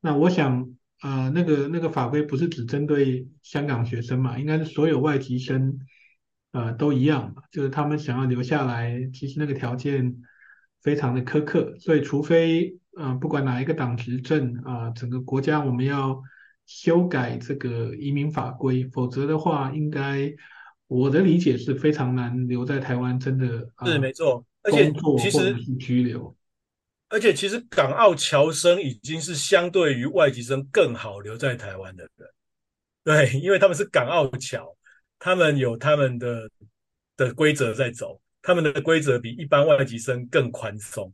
那我想，呃，那個那個法規不是只針對香港學生嘛？應該是所有外籍生，呃，都一樣嘛。就是他們想要留下來，其實那個條件非常的苛刻，所以除非，呃，不管哪一個黨執政，啊、呃，整個國家我們要修改這個移民法規，否則的話，應該。我的理解是非常難留在台灣，真的、啊，是是。是沒錯。而且其實拘留。而且，其實港澳僑生已經是相對於外籍生更好留在台灣的人。對，因為他們是港澳僑，他們有他們的的規則在走，他們的規則比一般外籍生更寬鬆。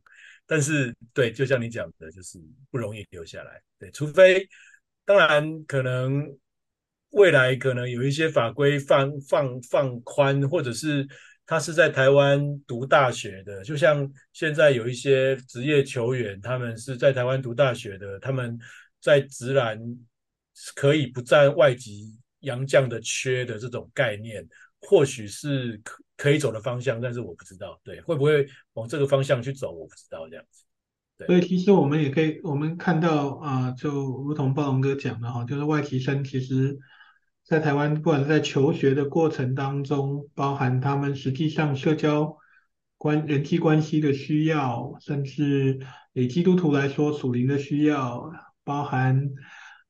但是，對，就像你講的，就是不容易留下來。對，除非，當然可能。未來可能有一些法規放放放寬，或者是他是在台灣讀大學的，就像現在有一些職業球員，他們是在台灣讀大學的，他們在職籃可以不佔外籍洋將的缺的這種概念，或許是可可以走的方向，但是我不知道，對，會不會往這個方向去走，我不知道這樣子。對。所以其實我們也可以，我們看到啊、呃，就如同暴龍哥講的哈，就是外籍生其實。在台灣，不管是在求學的過程當中，包含他們實際上社交關人際關係的需要，甚至以基督徒來說屬靈的需要，包含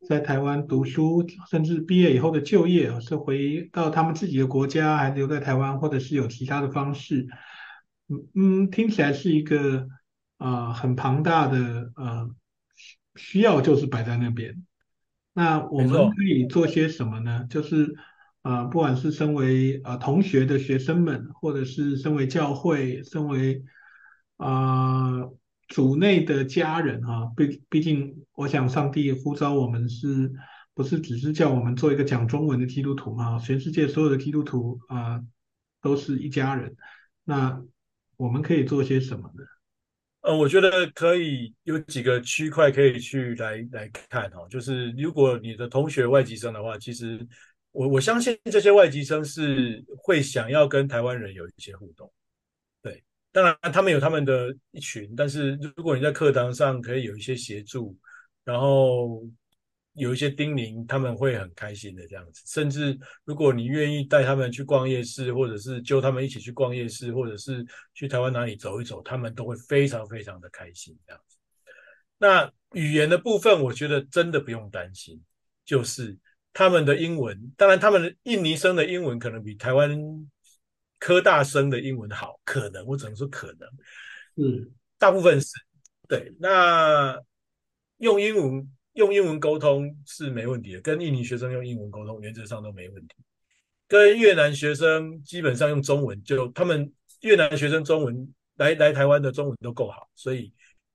在台灣讀書，甚至畢業以後的就業，是回到他們自己的國家，還是留在台灣，或者是有其他的方式。嗯嗯，聽起來是一個啊、呃、很龐大的呃需需要，就是擺在那邊。那我們可以做些什麼呢？錯就是，呃，不管是身為呃同學的學生們，或者是身為教會、身為呃主內的家人啊，畢畢竟，我想上帝呼召我們是不是只是叫我們做一個講中文的基督徒嘛？全世界所有的基督徒啊、呃，都是一家人。那我們可以做些什麼呢？呃，嗯，我覺得可以有幾個區塊可以去來來看哦，就是如果你的同學外籍生的話，其實我我相信這些外籍生是會想要跟台灣人有一些互動。對，當然他們有他們的一群，但是如果你在課堂上可以有一些協助，然後。有一些叮嚀，他們會很開心的這樣子。甚至如果你願意帶他們去逛夜市，或者是揪他們一起去逛夜市，或者是去台灣哪裡走一走，他們都會非常非常的開心這樣子。那語言的部分，我覺得真的不用擔心，就是他們的英文，當然他們印尼生的英文可能比台灣科大生的英文好，可能，我只能說可能，是嗯，大部分是，對。那用英文。用英文溝通是沒問題的，跟印尼學生用英文溝通原則上都沒問題。跟越南學生基本上用中文，就他們越南學生中文來來台灣的中文都夠好，所以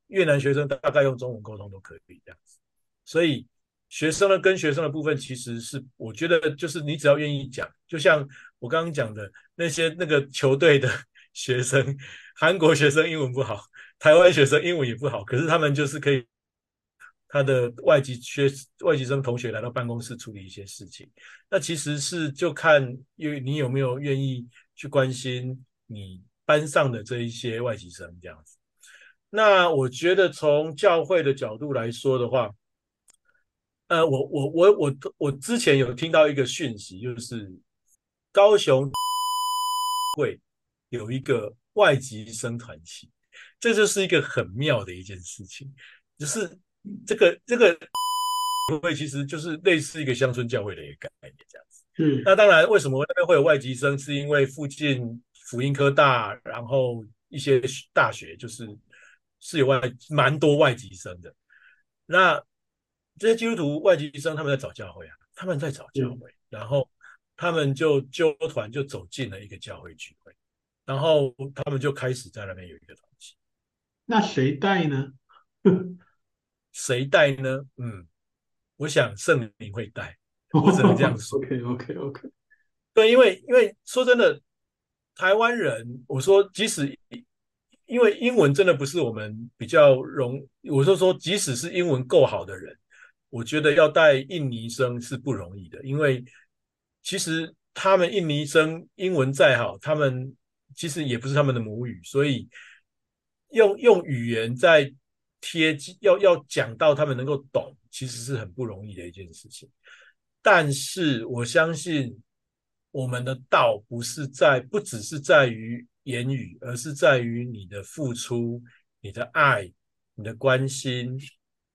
越南學生大概用中文溝通都可以這樣子。所以學生的跟學生的部分，其實是我覺得就是你只要願意講，就像我剛剛講的那些那個球隊的學生，韓國學生英文不好，台灣學生英文也不好，可是他們就是可以。他的外籍學外籍生同學來到辦公室處理一些事情，那其實是就看，因為你有沒有願意去關心你班上的這一些外籍生這樣子。那我覺得從教會的角度來說的話，呃，我我我我我之前有聽到一個訊息，就是高雄會有一個外籍生團體，這就是一個很妙的一件事情，就是。這個這個會其實就是類似一個鄉村教會的一個概念，這樣子。嗯是，那當然，為什麼那邊會有外籍生？是因為附近輔英科大，然後一些大學就是是有外蠻多外籍生的。那這些基督徒外籍生他們在找教會啊，他們在找教會，嗯、然後他們就就團就走進了一個教會聚會，然後他們就開始在那邊有一個東西。那誰帶呢？ 誰帶呢？嗯，我想聖靈會帶，我只能這樣說。 OK OK OK，對，因為因為說真的，台灣人，我說即使因為英文真的不是我們比較容，我就說，說即使是英文夠好的人，我覺得要帶印尼生是不容易的，因為其實他們印尼生英文再好，他們其實也不是他們的母語，所以用用語言在。貼近要要講到他們能夠懂，其實是很不容易的一件事情。但是我相信我們的道不是在，不只是在於言語，而是在於你的付出、你的愛、你的關心，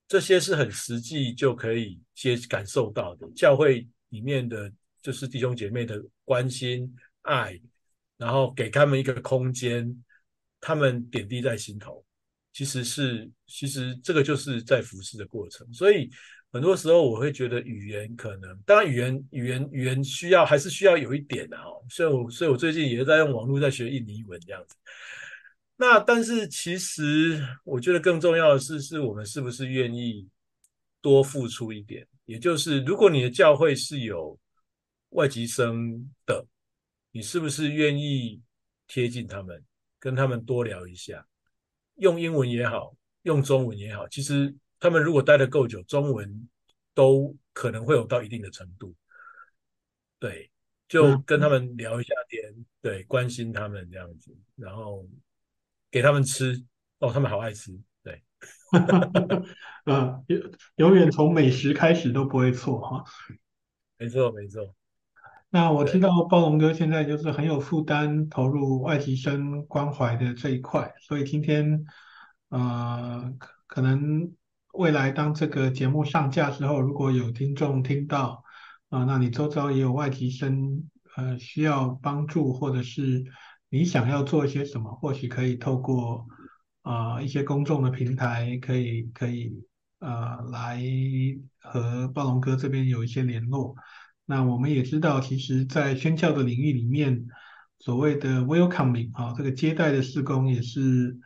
這些是很實際就可以接感受到的。教會裡面的，就是弟兄姐妹的關心、愛，然後給他們一個空間，他們點滴在心頭。其實是，其實這個就是在服事的過程，所以很多時候我會覺得語言可能，當然語言語言語言需要還是需要有一點的、哦、哈。所以我，我所以我最近也是在用網絡在學印尼文這樣子。那但是其實我覺得更重要的是，是我們是不是願意多付出一點？也就是，如果你的教會是有外籍生的，你是不是願意貼近他們，跟他們多聊一下？用英文也好，用中文也好，其實他們如果待得夠久，中文都可能會有到一定的程度。對，就跟他們聊一下天，嗯、對，關心他們這樣子，然後給他們吃，哦，他們好愛吃。對， 嗯，永永遠從美食開始都不會錯哈、啊。沒錯，沒錯。那我知道暴龍哥現在就是很有負擔投入外籍生關懷的這一塊，所以今天呃可能未來當這個節目上架之後，如果有聽眾聽到啊、呃，那你周遭也有外籍生呃需要幫助，或者是你想要做一些什麼，或許可以透過啊、呃、一些公眾的平台，可以可以呃來和暴龍哥這邊有一些聯絡。那我們也知道，其實，在宣教的領域裡面，所謂的 welcoming 啊，這個接待的事工也是，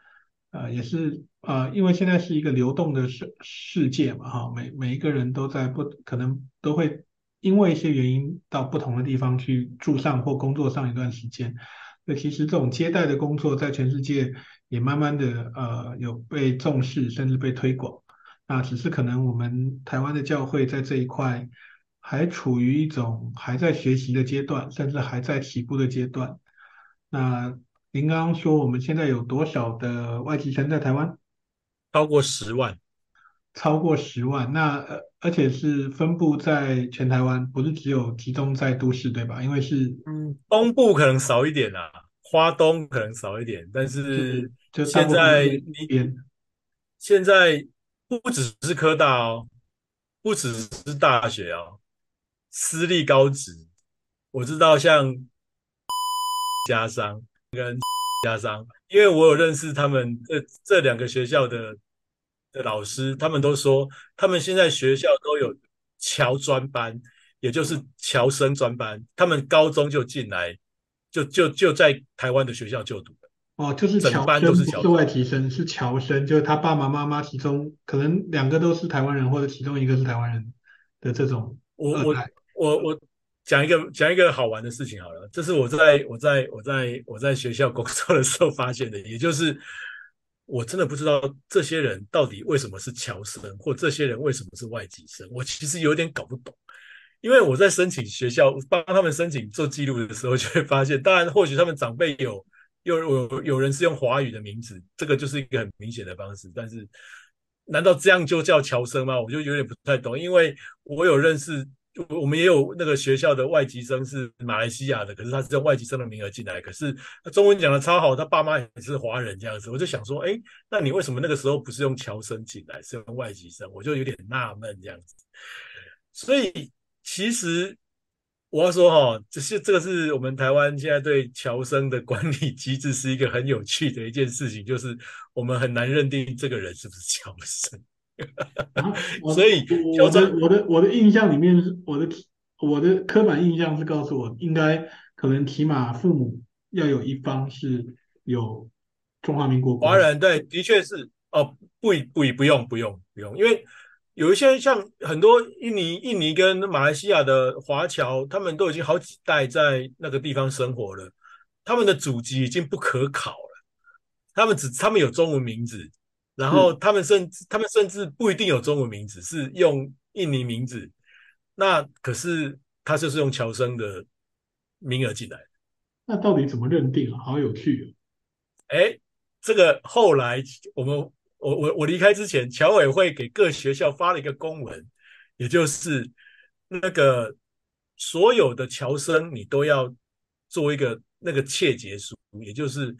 呃，也是呃，因為現在是一個流動的世世界嘛，哈，每每一個人都在不，可能都會因為一些原因到不同的地方去住上或工作上一段時間，那其實這種接待的工作在全世界也慢慢的呃有被重視，甚至被推廣。那只是可能我們台灣的教會在這一塊。還處於一種還在學習的階段，甚至還在起步的階段。那您剛剛說，我們現在有多少的外籍生在台灣？超過十萬。超過十萬，那而且是分布在全台灣，不是只有集中在都市對吧？因為是嗯，東部可能少一點啊，花東可能少一點，但是就現在那邊，現在不只是科大哦，不只是大學哦。私立高職，我知道像嘉商跟嘉商，因為我有認識他們這這兩個學校的的老師，他們都說他們現在學校都有僑專班，也就是僑生專班，他們高中就進來，就就就在台灣的學校就讀的。哦，就是僑班都是僑生，是僑生，就是他爸爸媽、媽媽其中可能兩個都是台灣人，或者其中一個是台灣人的這種二代。我我。我我我講一個講一個好玩的事情好了，這是我在我在我在我在學校工作的時候發現的，也就是我真的不知道這些人到底為什麼是僑生，或這些人為什麼是外籍生，我其實有點搞不懂，因為我在申請學校幫他們申請做記錄的時候，就會發現，當然或許他們長輩有有有有人是用華語的名字，這個就是一個很明顯的方式，但是難道這樣就叫僑生嗎？我就有點不太懂，因為我有認識。我們也有那個學校的外籍生是馬來西亞的，可是他是用外籍生的名額進來，可是中文講得超好，他爸媽也是華人這樣子，我就想說，哎，那你為什麼那個時候不是用僑生進來，是用外籍生？我就有點納悶這樣子。所以其實我要說哈，這是這個是我們台灣現在對僑生的管理機制，是一個很有趣的一件事情，就是我們很難認定這個人是不是僑生。哈，啊，所以我的我的我的印象裡面，我的我的刻板印象是告訴我，應該可能起碼父母要有一方是有中華民國華人。對，的確是哦，不以不以不以，不用不用不用，因為有一些像很多印尼印尼跟馬來西亞的華僑，他們都已經好幾代在那個地方生活了，他們的祖籍已經不可考了，他們只他們有中文名字。然後他們甚至是他們甚至不一定有中文名字，是用印尼名字。那可是他就是用僑生的名額進來，那到底怎麼認定啊？好有趣啊！哎，這個後來我們我我我離開之前，僑委會給各學校發了一個公文，也就是那個所有的僑生，你都要做一個那個切結書，也就是。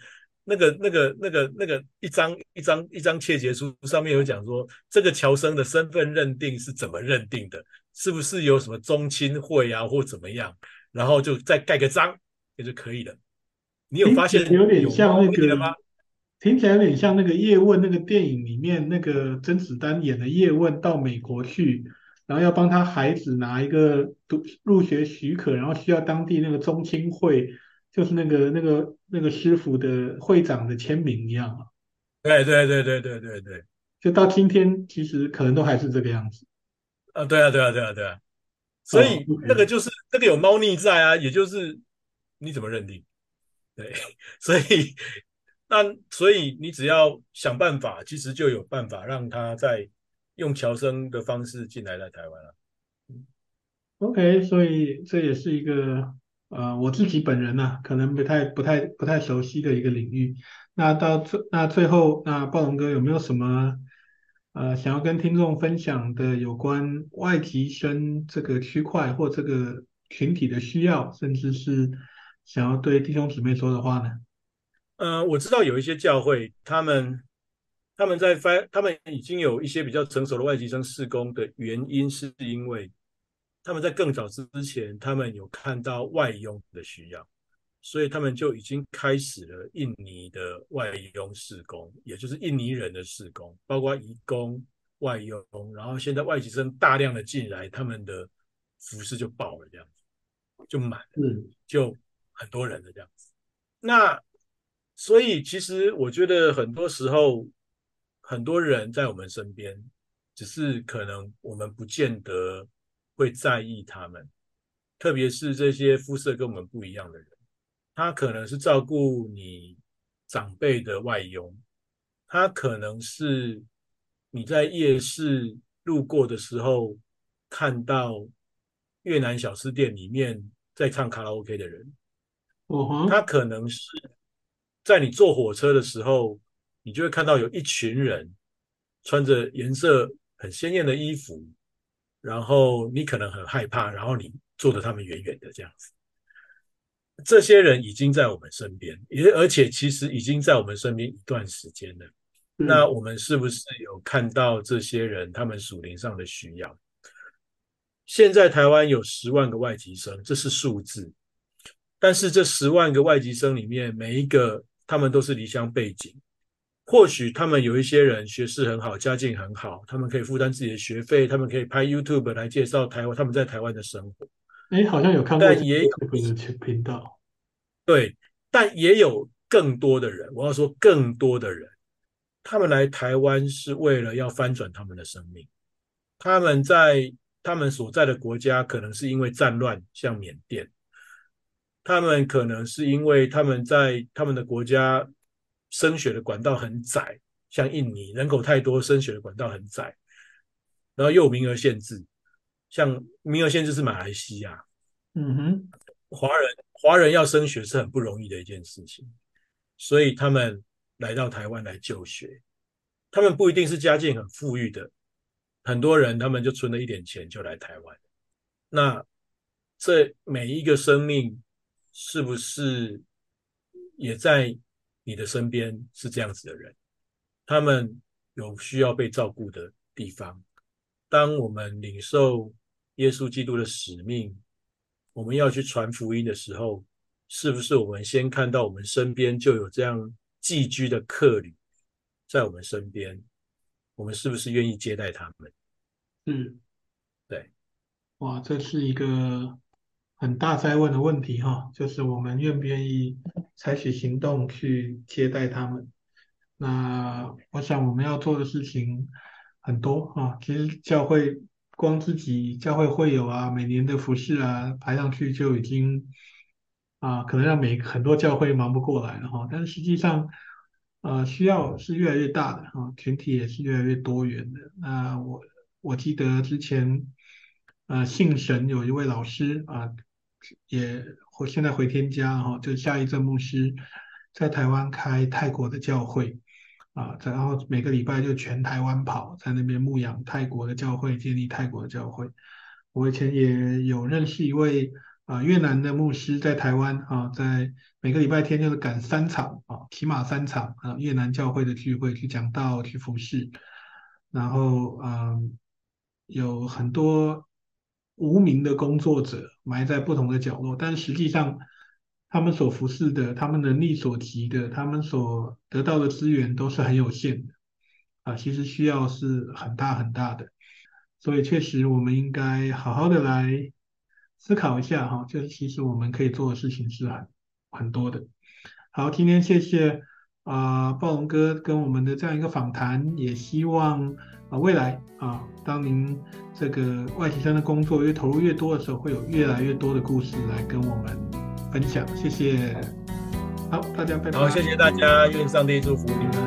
那個、那個、那個、那個，一張、一張、一張切結書上面有講說，這個僑生的身份認定是怎麼認定的？是不是有什麼宗親會啊，或怎麼樣？然後就再蓋個章也就可以了。你有發現有點像那個嗎、那個？聽起來有點像那個葉問那個電影裡面那個甄子丹演的葉問到美國去，然後要幫他孩子拿一個讀入學許可，然後需要當地那個宗親會。就是那個那個那個師傅的會長的簽名一樣啊，對對對對對對對，對對對，就到今天其實可能都還是這個樣子，啊對啊對啊對啊對啊，所以、oh, okay. 那個就是那個有貓膩在啊，也就是你怎麼認定？對，所以那所以你只要想辦法，其實就有辦法讓他再用僑生的方式進來在台灣啊。OK，所以這也是一個。呃，我自己本人呢、啊，可能不太、不太、不太熟悉的一個領域。那到最那最後，那暴龍哥有沒有什麼呃想要跟聽眾分享的有關外籍生這個區塊或這個群體的需要，甚至是想要對弟兄姊妹說的話呢？呃，我知道有一些教會，他們他們在翻，他們已經有一些比較成熟的外籍生事工的原因，是因為。他們在更早之前，他們有看到外傭的需要，所以他們就已經開始了印尼的外傭事工，也就是印尼人的事工，包括移工、外傭，然後現在外籍生大量的進來，他們的服事就爆了這樣子，就滿了，嗯、就很多人了這樣子。那所以其實我覺得很多時候，很多人在我們身邊，只是可能我們不見得。會在意他們，特別是這些膚色跟我們不一樣的人。他可能是照顧你長輩的外傭，他可能是你在夜市路過的時候看到越南小吃店裡面在唱卡拉 OK 的人。哦，他可能是，在你坐火車的時候，你就會看到有一群人穿着顏色很鮮豔的衣服。然後你可能很害怕，然後你坐的他們遠遠的這樣子。這些人已經在我們身邊，也而且其實已經在我們身邊一段時間了。嗯、那我們是不是有看到這些人他們屬靈上的需要？現在台灣有十萬個外籍生，這是數字，但是這十萬個外籍生裡面每一個，他們都是離鄉背井。或許他們有一些人學識很好，家境很好，他們可以負擔自己的學費，他們可以拍 YouTube 來介紹台灣，他們在台灣的生活。你好像有看過、這個，但也有頻道。對，但也有更多的人，我要說更多的人，他們來台灣是為了要翻轉他們的生命。他們在他們所在的國家，可能是因為戰亂，像緬甸；他們可能是因為他們在他們的國家。升學的管道很窄，像印尼人口太多，升學的管道很窄，然後又名額限制，像名額限制是馬來西亞，嗯哼，華人華人要升學是很不容易的一件事情，所以他們來到台灣來就學，他們不一定是家境很富裕的，很多人他們就存了一點錢就來台灣，那這每一個生命是不是也在？你的身邊是這樣子的人，他們有需要被照顧的地方。當我們領受耶穌基督的使命，我們要去傳福音的時候，是不是我們先看到我們身邊就有這樣寄居的客旅在我們身邊？我們是不是願意接待他們？是對，哇，這是一個。很大在問的問題哈，就是我們願不願意採取行動去接待他們？那我想我們要做的事情很多啊，其實教會光自己教會會友啊，每年的服事啊排上去就已經啊，可能讓每很多教會忙不過來了哈。但是實際上，呃，需要是越來越大的哈，群體也是越來越多元的。那我我記得之前。呃，信神有一位老師啊，也回現在回天家哈、啊，就下一站牧師，在台灣開泰國的教會啊，然後每個禮拜就全台灣跑，在那邊牧養泰國的教會，建立泰國的教會。我以前也有認識一位啊，越南的牧師在台灣啊，在每個禮拜天就是趕三場啊，起碼三場啊，越南教會的聚會去講道去服侍。然後嗯、啊，有很多。無名的工作者埋在不同的角落，但實際上，他們所服侍的、他們能力所及的、他們所得到的資源都是很有限的，啊，其實需要是很大很大的，所以確實我們應該好好的來思考一下，哈、啊，就是其實我們可以做的事情是很很多的。好，今天謝謝。啊，暴龍、呃、哥跟我們的這樣一個訪談，也希望啊未來啊，當您這個外籍生的工作越投入越多的時候，會有越來越多的故事來跟我們分享。謝謝，好，大家拜拜。好，謝謝大家，願上帝祝福你們。